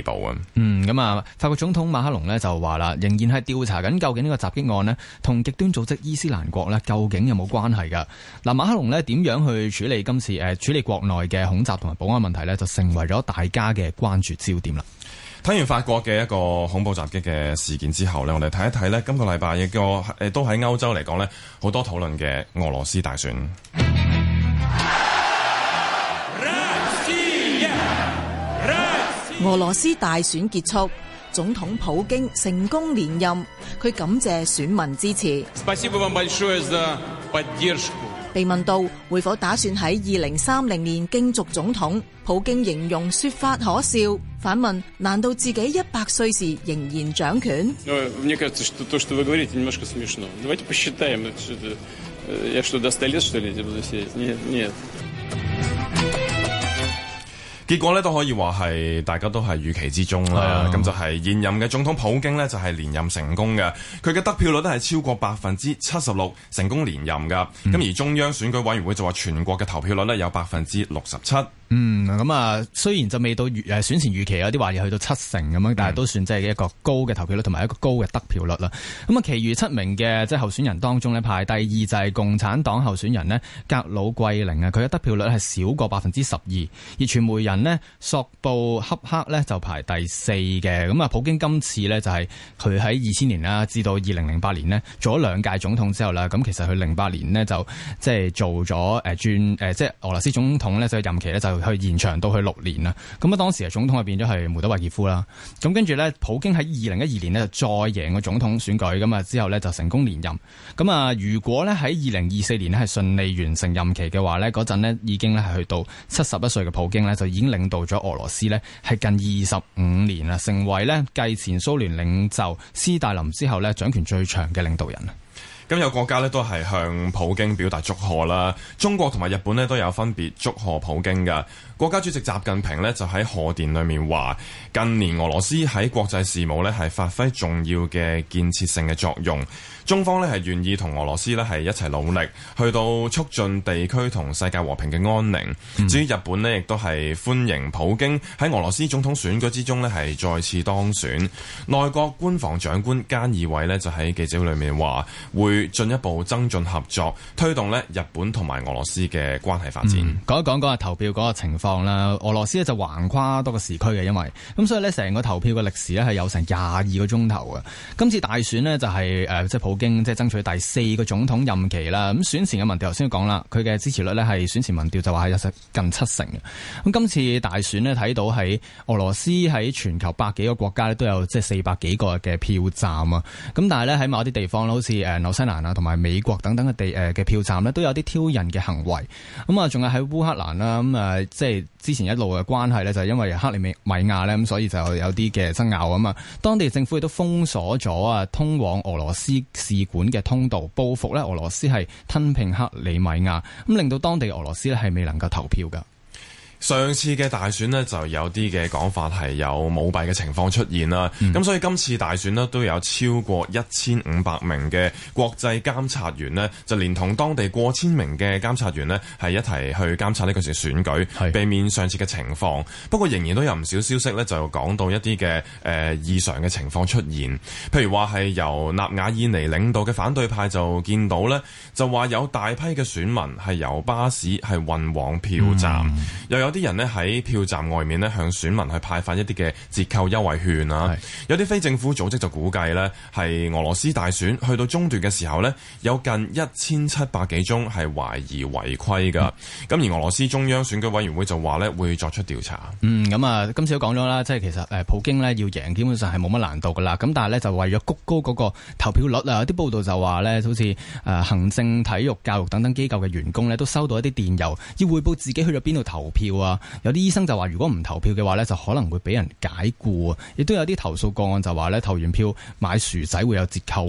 嗯，咁啊，法國總統馬克龍呢，就話啦，仍然係調查緊究竟呢個襲擊案呢同極端組織伊斯蘭國呢究竟有冇關係噶？嗱，馬克龍呢點樣去處理今次誒處理國內嘅恐襲同埋保安問題呢，就成為咗大家嘅關注焦點啦。睇完法國嘅一個恐怖襲擊嘅事件之後呢，我哋睇一睇呢今個禮拜亦個誒都喺歐洲嚟講呢，好多討論嘅俄羅斯大選。 俄羅斯大選結束，總統普京成功連任。佢感謝選民支持。被問到會否打算喺二零三零年競逐總統，普京形容説法可笑，反問：難道自己一百歲時仍然掌權？結果咧都可以話係大家都係預期之中啦，咁、啊、就係現任嘅總統普京呢，就係連任成功嘅，佢嘅得票率都係超過百分之七十六，成功連任㗎。咁、嗯、而中央選舉委員會就話全國嘅投票率呢，有百分之六十七。嗯，咁啊，雖然就未到誒選前預期有啲話要去到七成咁樣，但係都算即係一個高嘅投票率同埋一個高嘅得票率啦。咁啊，其餘七名嘅即係候選人當中咧，排第二就係共產黨候選人呢，格魯桂寧啊，佢嘅得票率係少過百分之十二。而傳媒人呢，索布恰克呢就排第四嘅。咁啊，普京今次呢，就係佢喺二千年啦，至到二零零八年呢，做咗兩屆總統之後啦，咁其實佢零八年呢，就即係做咗誒轉誒，即係俄羅斯總統呢，就任期呢。就係。去延長到去六年啦，咁啊，當時啊，總統變咗係梅德韋傑夫啦，咁跟住咧，普京喺二零一二年呢就再贏個總統選舉，咁啊之後咧就成功連任。咁啊，如果咧喺二零二四年呢係順利完成任期嘅話咧，嗰陣呢已經咧係去到七十一歲嘅普京呢就已經領導咗俄羅斯呢係近二十五年啦，成為呢繼前蘇聯領袖斯大林之後咧掌權最長嘅領導人。咁有國家咧都係向普京表達祝賀啦，中國同埋日本咧都有分別祝賀普京㗎。國家主席習近平呢就喺賀電裏面話：近年俄羅斯喺國際事務呢係發揮重要嘅建設性嘅作用，中方呢係願意同俄羅斯呢係一齊努力，去到促進地區同世界和平嘅安寧。至於日本呢亦都係歡迎普京喺俄羅斯總統選舉之中呢係再次當選。內閣官房長官菅義偉呢就喺記者會裏面話：會進一步增進合作，推動呢日本同埋俄羅斯嘅關係發展、嗯。講一講個投票個情況。啦，俄羅斯咧就橫跨多個時區嘅，因為咁所以咧成個投票嘅歷時咧係有成廿二個鐘頭嘅。今次大選呢就係、是、誒即係普京即係爭取第四個總統任期啦。咁選前嘅民調頭先講啦，佢嘅支持率呢係選前民調就話係有近七成，咁今次大選呢睇到喺俄羅斯喺全球百幾個國家都有即係四百幾個嘅票站啊。咁但係咧喺某啲地方好似誒紐西蘭啊同埋美國等等嘅地誒嘅、呃、票站呢，都有啲挑釁嘅行為。咁啊，仲有喺烏克蘭啦，咁、呃、誒即係。之前一路嘅關係咧，就係因為克里米亞咧，咁所以就有啲嘅爭拗啊嘛。當地政府亦都封鎖咗啊通往俄羅斯使館嘅通道，報復咧俄羅斯係吞併克里米亞，咁令到當地俄羅斯咧係未能夠投票噶。上次嘅大選呢就有啲嘅講法係有舞弊嘅情況出現啦。咁、嗯、所以今次大選呢都有超過一千五百名嘅國際監察員呢，就連同當地過千名嘅監察員呢係一齊去監察呢個選舉，避免上次嘅情況。是。不過仍然都有唔少消息呢就講到一啲嘅誒異常嘅情況出現，譬如話係由納瓦爾尼領導嘅反對派就見到呢，就話有大批嘅選民係由巴士係運往票站，嗯、又有。有啲人呢喺票站外面呢向選民去派發一啲嘅折扣優惠券啊！有啲非政府組織就估計呢係俄羅斯大選去到中段嘅時候呢有近一千七百幾宗係懷疑違規㗎。咁而俄羅斯中央選舉委員會就話呢會作出調查。嗯，咁啊，今次都講咗啦，即係其實誒普京呢要贏，基本上係冇乜難度噶啦。咁但係呢，就為咗谷高嗰個投票率啊，有啲報道就話呢，好似誒行政、體育、教育等等機構嘅員工呢，都收到一啲電郵，要匯報自己去咗邊度投票。有啲醫生就話如果唔投票嘅話呢就可能會俾人解雇。亦都有啲投訴個案就話呢投完票買薯仔會有折扣。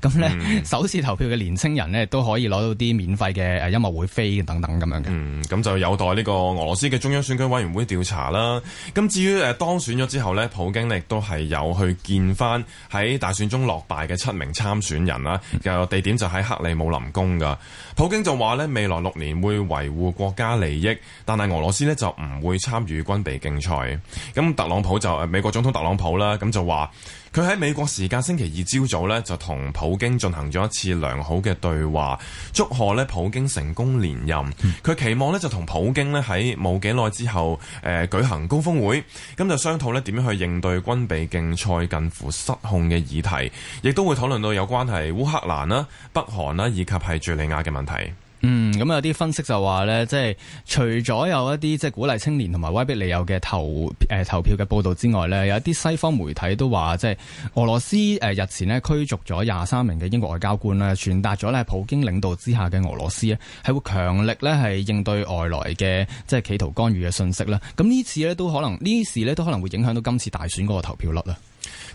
咁呢首次投票嘅年青人呢，都可以攞到啲免費嘅音樂會飛等等咁樣嘅。咁就有待呢個俄羅斯嘅中央選舉委員會調查啦。咁至於誒當選咗之後呢，普京亦都係有去見翻喺大選中落敗嘅七名參選人啦。又地點就喺克里姆林宮噶。普京就話呢，未來六年會維護國家利益，但係俄羅斯。就唔會參與軍備競賽。咁特朗普就美國總統特朗普啦，咁就話佢喺美國時間星期二朝早呢就同普京進行咗一次良好嘅對話，祝賀呢普京成功連任。佢、嗯、期望呢就同普京呢喺冇幾耐之後，誒、呃、舉行高峰會，咁就商討呢點樣去應對軍備競賽近乎失控嘅議題，亦都會討論到有關係烏克蘭啦、北韓啦以及係敘利亞嘅問題。嗯，咁有啲分析就話咧，即係除咗有一啲即係鼓勵青年同埋威逼利誘嘅投誒、呃、投票嘅報道之外咧，有一啲西方媒體都話，即係俄羅斯誒、呃、日前咧驅逐咗廿三名嘅英國外交官咧，傳達咗咧普京領導之下嘅俄羅斯咧係會強力咧係應對外來嘅即係企圖干預嘅信息啦。咁呢次咧都可能呢事咧都可能會影響到今次大選嗰個投票率啦。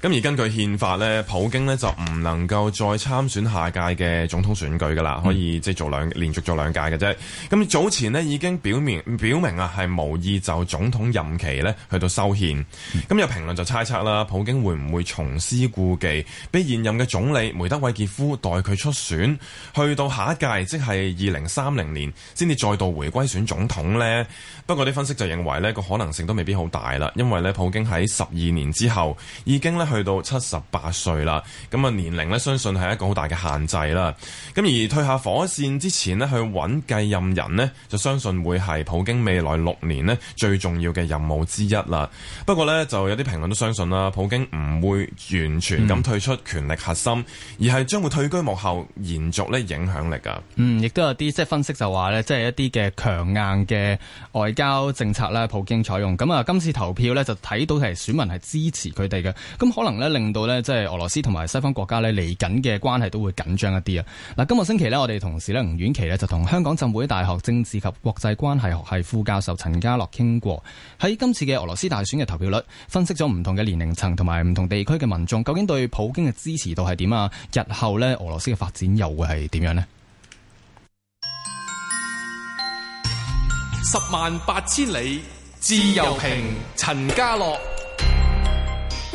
咁而根據憲法呢，普京呢就唔能夠再參選下屆嘅總統選舉噶啦，可以即係做兩連續做兩屆嘅啫。咁早前呢已經表明表明啊，係無意就總統任期呢去到修憲。咁有、嗯、評論就猜測啦，普京會唔會重施故技，俾現任嘅總理梅德韋傑夫代佢出選，去到下一屆即係二零三零年先至再度回歸選總統呢？不過啲分析就認為呢個可能性都未必好大啦，因為呢普京喺十二年之後已經呢去到七十八歲啦，咁啊年齡咧，相信係一個好大嘅限制啦。咁而退下火線之前咧，去揾繼任人呢，就相信會係普京未來六年咧最重要嘅任務之一啦。不過呢，就有啲評論都相信啦，普京唔會完全咁退出權力核心，嗯、而係將會退居幕後，延續呢影響力噶。嗯，亦都有啲即係分析就話呢，即係一啲嘅強硬嘅外交政策咧，普京採用。咁啊，今次投票呢，就睇到係選民係支持佢哋嘅。咁可能咧令到咧即係俄羅斯同埋西方國家咧嚟緊嘅關係都會緊張一啲啊！嗱，今個星期咧我哋同事咧吳婉琪咧就同香港浸會大學政治及國際關係學系副教授陳家洛傾過，喺今次嘅俄羅斯大選嘅投票率，分析咗唔同嘅年齡層同埋唔同地區嘅民眾，究竟對普京嘅支持度係點啊？日後咧俄羅斯嘅發展又會係點樣呢？十萬八千里自由平，陳家洛。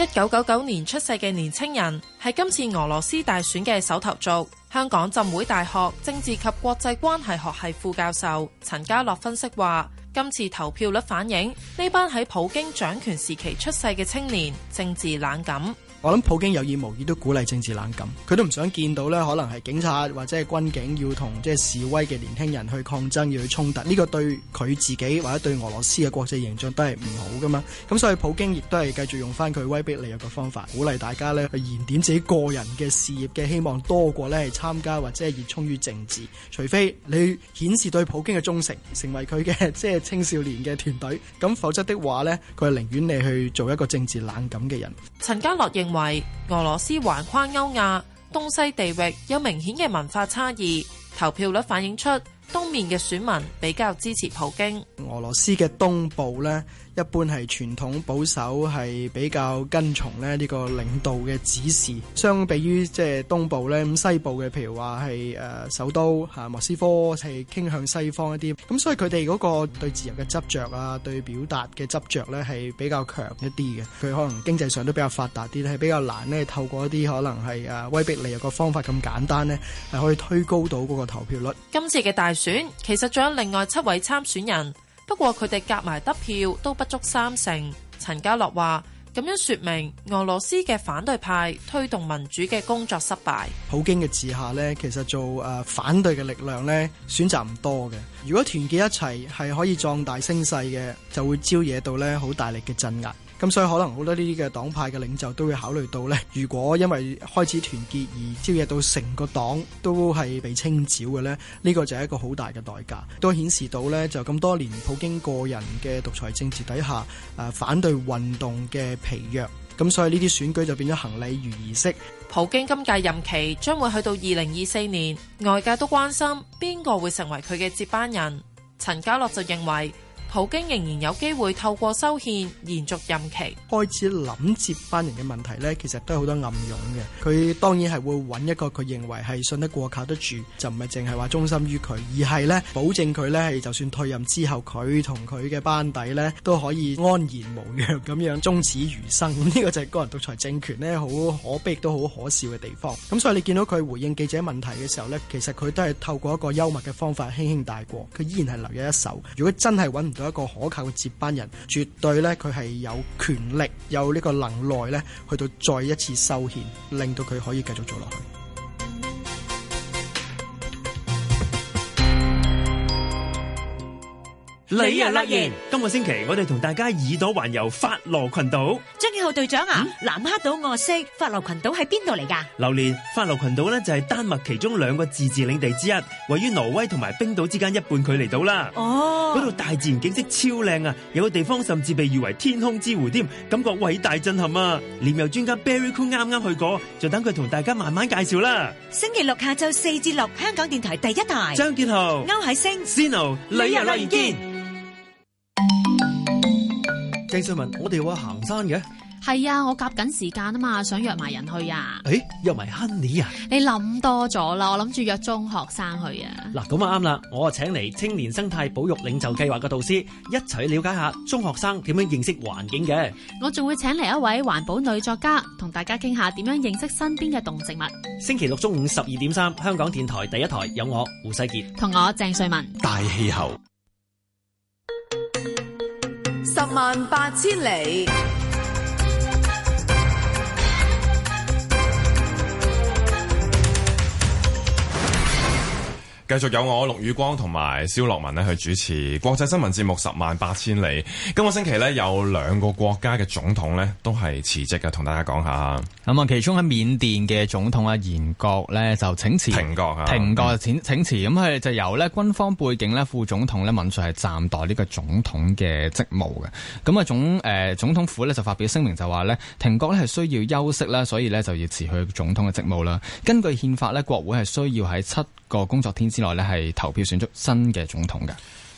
一九九九年出世嘅年青人係今次俄羅斯大選嘅首投族。香港浸會大學政治及國際關係學系副教授陳家洛分析話，今次投票率反映呢班喺普京掌權時期出世嘅青年政治冷感。我諗普京有意無意都鼓勵政治冷感，佢都唔想見到呢。可能係警察或者係軍警要同即係示威嘅年輕人去抗爭，要去衝突。呢個對佢自己或者對俄羅斯嘅國際形象都係唔好噶嘛。咁所以普京亦都係繼續用翻佢威逼利誘嘅方法，鼓勵大家呢去燃點自己個人嘅事業嘅希望多過呢係參加或者係熱衷於政治。除非你顯示對普京嘅忠誠，成為佢嘅即係青少年嘅團隊，咁否則的話呢，佢係寧願你去做一個政治冷感嘅人。陳家樂認。為俄羅斯橫跨歐亞東西地域有明顯嘅文化差異，投票率反映出東面嘅選民比較支持普京。俄羅斯嘅東部呢。一般係傳統保守，係比較跟從咧呢個領導嘅指示。相比於即係東部咧，咁西部嘅，譬如話係誒首都吓莫斯科，係傾向西方一啲。咁所以佢哋嗰個對自由嘅執着啊，對表達嘅執着咧，係比較強一啲嘅。佢可能經濟上都比較發達啲，係比較難咧透過一啲可能係誒威逼利誘嘅方法咁簡單咧，係可以推高到嗰個投票率。今次嘅大選，其實仲有另外七位參選人。不過佢哋夾埋得票都不足三成，陳家洛話咁樣說明俄羅斯嘅反對派推動民主嘅工作失敗。普京嘅治下呢，其實做誒反對嘅力量呢，選擇唔多嘅。如果團結一齊係可以壯大聲勢嘅，就會招惹到呢好大力嘅鎮壓。咁所以可能好多呢啲嘅黨派嘅領袖都會考慮到咧，如果因為開始團結而招惹到成個黨都係被清剿嘅咧，呢、這個就係一個好大嘅代價，都顯示到咧就咁多年普京個人嘅獨裁政治底下，誒、呃、反對運動嘅疲弱。咁所以呢啲選舉就變咗行禮如儀式。普京今屆任期將會去到二零二四年，外界都關心邊個會成為佢嘅接班人。陳家洛就認為。普京仍然有機會透過修憲延續任期。開始諗接班人嘅問題咧，其實都有好多暗湧嘅。佢當然係會揾一個佢認為係信得過靠得住，就唔係淨係話忠心於佢，而係咧保證佢咧就算退任之後，佢同佢嘅班底咧都可以安然無恙咁樣終此餘生。呢個就係個人獨裁政權咧好可悲都好可笑嘅地方。咁所以你見到佢回應記者問題嘅時候咧，其實佢都係透過一個幽默嘅方法輕輕帶過，佢依然係留有一手。如果真係揾唔，有一個可靠嘅接班人，絕對咧佢係有權力、有呢個能耐咧，去到再一次修憲，令到佢可以繼續做落去。旅遊樂園，今個星期我哋同大家耳朵環遊法羅群島。張建浩隊長啊，嗯、南黑島我識，法羅群島喺邊度嚟噶？榴槤，法羅群島咧就係丹麥其中兩個自治領地之一，位於挪威同埋冰島之間一半距離島啦。哦，嗰度大自然景色超靚啊，有個地方甚至被譽為天空之湖添，感覺偉大震撼啊！旅遊專家 Barry Cook 啱啱去過，就等佢同大家慢慢介紹啦。星期六下晝四至六，6，香港電台第一台。張建浩，歐海星，Sino，旅遊樂園見。鄭瑞文，我哋會行山嘅係啊，我夾緊時間啊嘛，想約埋人去啊。誒、欸，約埋 Honey 啊？你諗多咗啦，我諗住約中學生去啊。嗱，咁啊啱啦，我啊請嚟青年生態保育領袖計劃嘅導師一齊了解下中學生點樣認識環境嘅。我仲會請嚟一位環保女作家同大家傾下點樣認識身邊嘅動植物。星期六中午十二點三，3, 香港電台第一台有我胡世傑同我鄭瑞文大氣候。十萬八千里。繼續有我陸宇光同埋蕭樂文去主持國際新聞節目《十萬八千里》。今個星期有兩個國家嘅總統都係辭職嘅，同大家講下。咁啊，其中喺緬甸嘅總統阿廷國就請辭，停國啊，廷國請辭。咁佢、嗯、就由咧軍方背景副總統咧敏瑞係暫代呢個總統嘅職務嘅。咁啊、呃、總統府就發表聲明就話停廷國係需要休息啦，所以就要辭去總統嘅職務啦。根據憲法咧，國會係需要喺七個工作天內咧係投票選出新嘅總統㗎。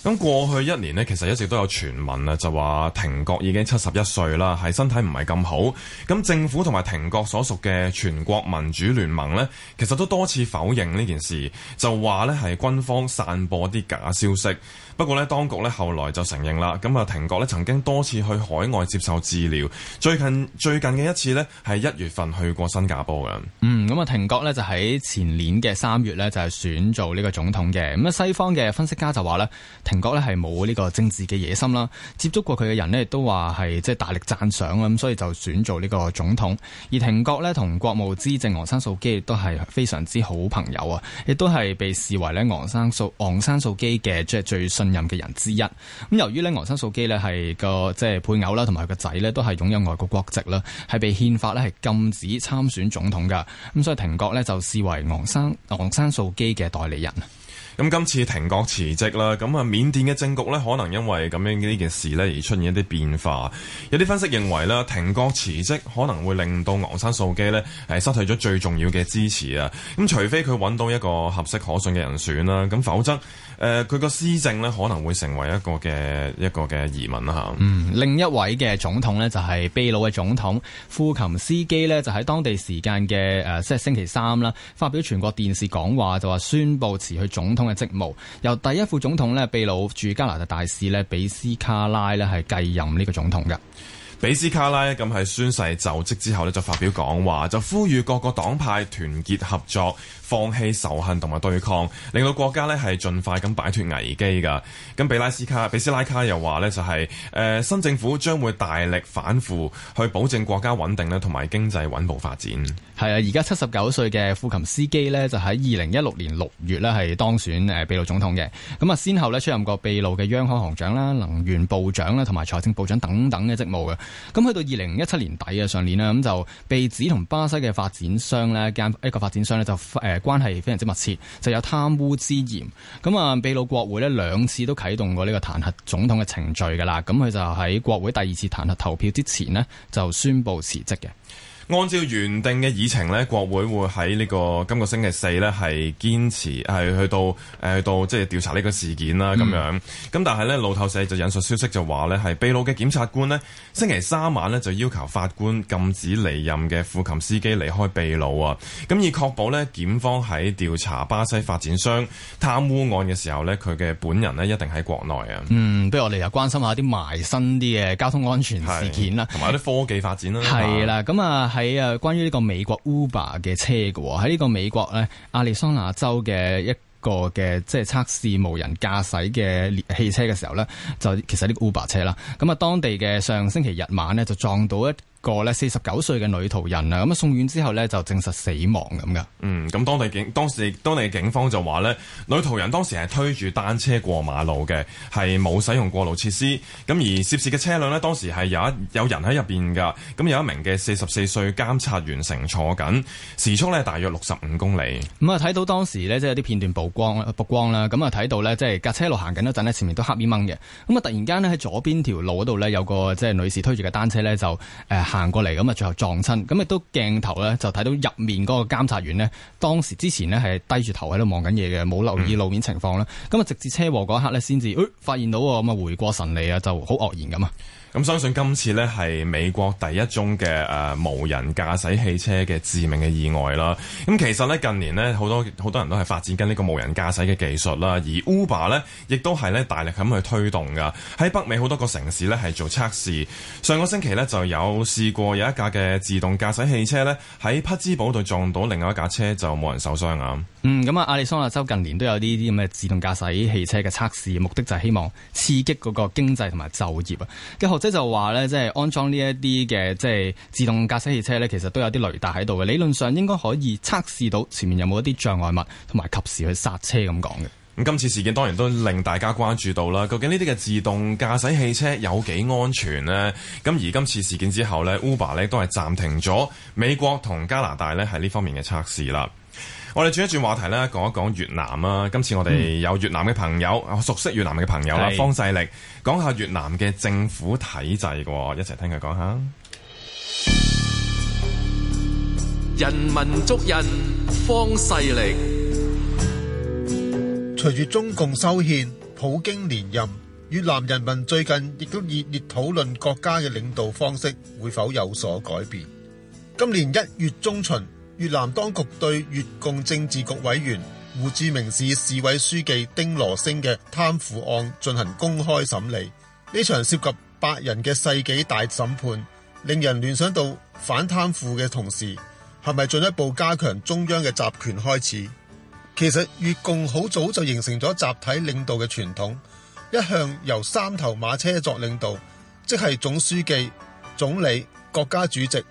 咁過去一年呢，其實一直都有傳聞啊，就話廷國已經七十一歲啦，係身體唔係咁好。咁政府同埋廷國所屬嘅全國民主聯盟呢，其實都多次否認呢件事，就話呢係軍方散播一啲假消息。不過咧，當局咧後來就承認啦。咁啊，廷國咧曾經多次去海外接受治療，最近最近嘅一次咧係一月份去過新加坡嘅。嗯，咁啊，廷國咧就喺前年嘅三月咧就係選做呢個總統嘅。咁啊，西方嘅分析家就話呢廷國咧係冇呢個政治嘅野心啦。接觸過佢嘅人亦都話係即係大力讚賞啊。咁所以就選做呢個總統。而廷國咧同國務資政昂山素基亦都係非常之好朋友啊，亦都係被視為咧昂山素昂山素基嘅即係最信任嘅人之一，咁由於咧昂山素姬咧係個即係配偶啦，同埋個仔咧都係擁有外國國籍啦，係被憲法咧係禁止參選總統噶，咁所以庭國咧就視為昂山昂山素姬嘅代理人。咁今次停國辭職啦，咁啊，緬甸嘅政局咧，可能因為咁樣呢件事咧而出現一啲變化。有啲分析認為啦，停國辭職可能會令到昂山素姬咧誒失去咗最重要嘅支持啊。咁除非佢揾到一個合適可信嘅人選啦，咁否則誒佢個施政咧可能會成為一個嘅一個嘅疑問，啦，吓，嗯，另一位嘅總統咧就係秘魯嘅總統庫琴斯基咧，就喺當地時間嘅誒即係星期三啦，發表全國電視講話，就話，宣布辭去總統嘅職務由第一副總統咧秘魯駐加拿大大使咧比斯卡拉咧係繼任呢個總統嘅。比斯卡拉咧咁係宣誓就職之後咧就發表講話，就呼籲各個黨派團結合作。放棄仇恨同埋對抗，令到國家呢係盡快咁擺脱危機㗎。咁比拉斯卡比斯拉卡又話呢、就係，就係誒新政府將會大力反腐，去保證國家穩定呢同埋經濟穩步發展。係啊，而家七十九歲嘅庫琴斯基呢，就喺二零一六年六月呢，係當選誒秘魯總統嘅。咁啊，先後呢，出任過秘魯嘅央行行長啦、能源部長啦同埋財政部長等等嘅職務嘅。咁去到二零一七年底啊，上年呢，咁就被指同巴西嘅發展商呢，間一個發展商呢，就、呃、誒。關係非常之密切，就有貪污之嫌。咁啊，秘魯國會呢兩次都啟動過呢個彈劾總統嘅程序㗎啦。咁佢就喺國會第二次彈劾投票之前呢，就宣布辭職嘅。按照原定嘅議程呢，國會會喺呢個今個星期四呢，係堅持係去到去到即係調查呢個事件啦咁、嗯、樣。咁但係呢，路透社就引述消息就話呢係秘魯嘅檢察官呢，星期三晚呢，就要求法官禁止離任嘅庫琴斯基離開秘魯啊。咁以確保呢檢方喺調查巴西發展商貪污案嘅時候呢，佢嘅本人呢，一定喺國內啊。嗯，不如我哋又關心下啲埋身啲嘅交通安全事件啦，同埋啲科技發展啦。係啦， 咁、嗯、啊～喺啊，關於呢個美國 Uber 嘅車嘅喎，喺呢個美國咧亞利桑那州嘅一個嘅即係測試無人駕駛嘅列汽車嘅時候咧，就其實呢個 Uber 車啦，咁啊當地嘅上星期日晚咧就撞到一個咧四十九歲嘅女途人啊，咁啊送院之後呢，就證實死亡咁噶。嗯，咁當地警當時當地警方就話呢，女途人當時係推住單車過馬路嘅，係冇使用過路設施。咁而涉事嘅車輛呢，當時係有一有人喺入邊噶，咁有一名嘅四十四歲監察員乘坐緊，時速呢，大約六十五公里。咁啊睇到當時呢，即係啲片段曝光曝光啦。咁啊睇到呢，即係架車路行緊嗰陣呢，前面都黑煙蒙嘅。咁、嗯、啊突然間呢，喺左邊條路嗰度呢，有個即係女士推住嘅單車呢，就誒。呃行過嚟咁啊，最後撞親咁啊，都鏡頭咧就睇到入面嗰個監察員呢，當時之前呢係低住頭喺度望緊嘢嘅，冇留意路面情況啦。咁啊、嗯，直至車禍嗰一刻咧，先至誒發現到喎，咁啊回過神嚟啊，就好愕然咁啊。咁相信今次呢係美國第一宗嘅誒無人駕駛汽車嘅致命嘅意外啦。咁其實呢，近年呢，好多好多人都係發展緊呢個無人駕駛嘅技術啦，而 Uber 呢，亦都係呢大力咁去推動噶。喺北美好多個城市呢係做測試。上個星期呢，就有試過有一架嘅自動駕駛汽車呢，喺匹茲堡度撞到另外一架車就冇人受傷啊。嗯，咁啊，亞利桑那州近年都有呢啲咁嘅自動駕駛汽車嘅測試，目的就係希望刺激嗰個經濟同埋就業啊。嘅學者就話呢，即係安裝呢一啲嘅即係自動駕駛汽車呢，其實都有啲雷達喺度嘅，理論上應該可以測試到前面有冇一啲障礙物，同埋及，及時去剎車咁講嘅。咁今次事件當然都令大家關注到啦，究竟呢啲嘅自動駕駛汽車有幾安全呢？咁而今次事件之後呢 Uber 呢都係暫停咗美國同加拿大呢喺呢方面嘅測試啦。我哋轉一轉話題啦。講一講越南啊！今次我哋有越南嘅朋友，嗯、熟悉越南嘅朋友啦是，方世力，講下越南嘅政府體制喎，一齊聽佢講下。人民族人」。方世力。隨住中共修憲、普京連任，越南人民最近亦都熱烈討論國家嘅領導方式會否有所改變。今年一月中旬。越南當局對越共政治局委員胡志明市市委書記丁羅星嘅貪腐案進行公開審理。呢場涉及八人嘅世紀大審判，令人聯想到反貪腐嘅同時，係咪進一步加強中央嘅集權開始？其實越共好早就形成咗集體領導嘅傳統，一向由三頭馬車作領導，即係總書記、總理、國家主席。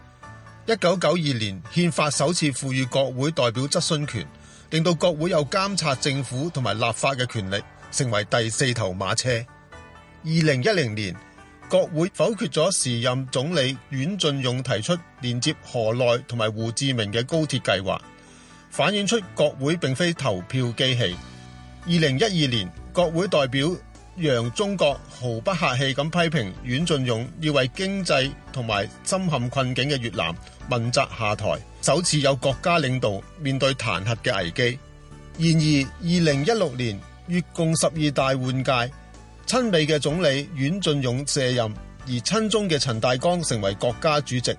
一九九二年，憲法首次賦予國會代表質詢權，令到國會有監察政府同埋立法嘅權力，成為第四頭馬車。二零一零年，國會否決咗時任總理阮晉勇提出連接河內同埋胡志明嘅高鐵計劃，反映出國會並非投票機器。二零一二年，國會代表楊忠國毫不客氣咁批評阮晉勇要為經濟同埋深陷困境嘅越南。問責下台，首次有國家領導面對彈劾嘅危機。然而，二零一六年越共十二大換屆，親美嘅總理阮晉勇卸任，而親中嘅陳大光成為國家主席。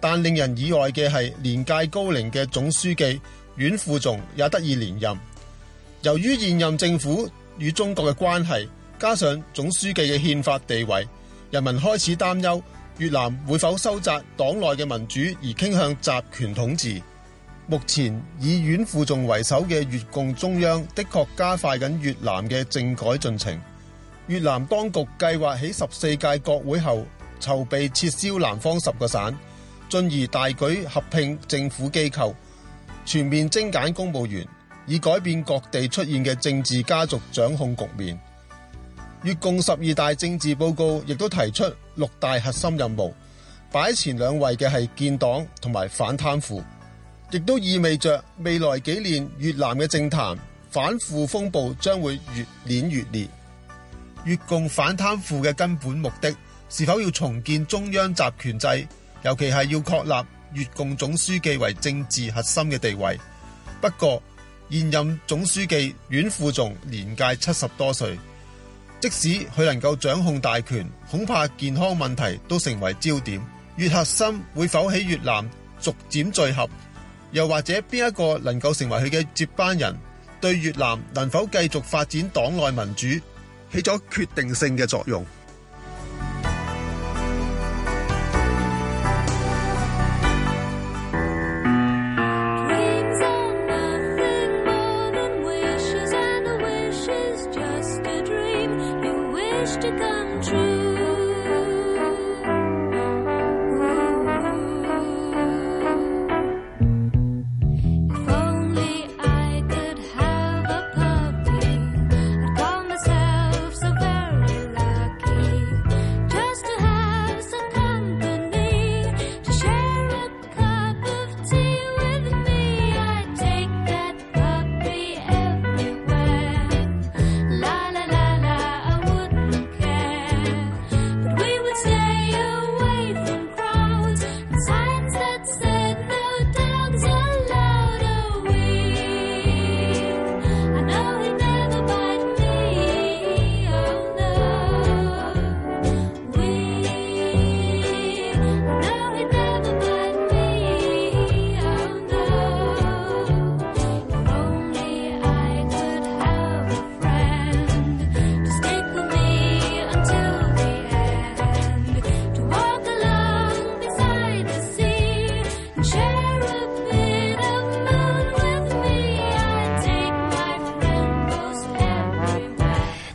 但令人意外嘅係，年屆高齡嘅總書記阮富仲也得以連任。由於現任政府與中國嘅關係，加上總書記嘅憲法地位，人民開始擔憂。越南會否收窄黨內嘅民主而傾向集權統治？目前以阮富仲為首嘅越共中央的確加快緊越南嘅政改進程。越南當局計劃喺十四屆國會後籌備撤銷南方十個省，進而大舉合併政府機構，全面精簡公務員，以改變各地出現嘅政治家族掌控局面。越共十二大政治報告亦都提出六大核心任務，擺前兩位嘅係建黨同埋反貪腐，亦都意味着未來幾年越南嘅政壇反腐風暴將會越演越烈。越共反貪腐嘅根本目的是否要重建中央集權制，尤其係要確立越共總書記為政治核心嘅地位？不過現任總書記阮富仲年屆七十多歲。即使佢能夠掌控大權，恐怕健康問題都成為焦點。越核心會否起越南逐漸聚合，又或者邊一個能夠成為佢嘅接班人？對越南能否繼續發展黨內民主，起咗決定性嘅作用。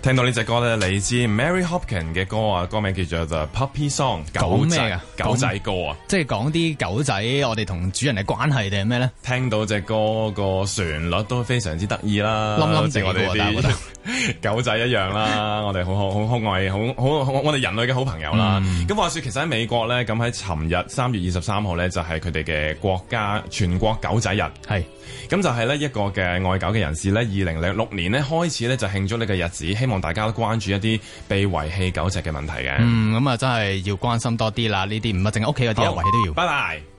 聽到呢隻歌咧，你知 Mary Hopkin 嘅歌啊，歌名叫做 Pu《Puppy Song》，狗咩啊？狗仔歌啊！即係講啲狗仔，我哋同主人嘅關係定係咩咧？聽到隻歌個旋律都非常之乖得意啦，冧冧正我哋。狗仔一樣啦，我哋好好好可愛，好好，好，好，好，好，好我哋人類嘅好朋友啦。咁、嗯、話說其實喺美國咧，咁喺尋日三月二十三號咧，就係佢哋嘅國家全國狗仔日。咁是就係呢一個嘅愛狗嘅人士咧，二零零六年呢開始咧就慶祝呢個日子，希望大家都關注一啲被遺棄狗隻嘅問題嘅。嗯，咁啊真係要關心多啲啦。呢啲唔係淨係屋企嗰啲人遺棄都要。好拜拜。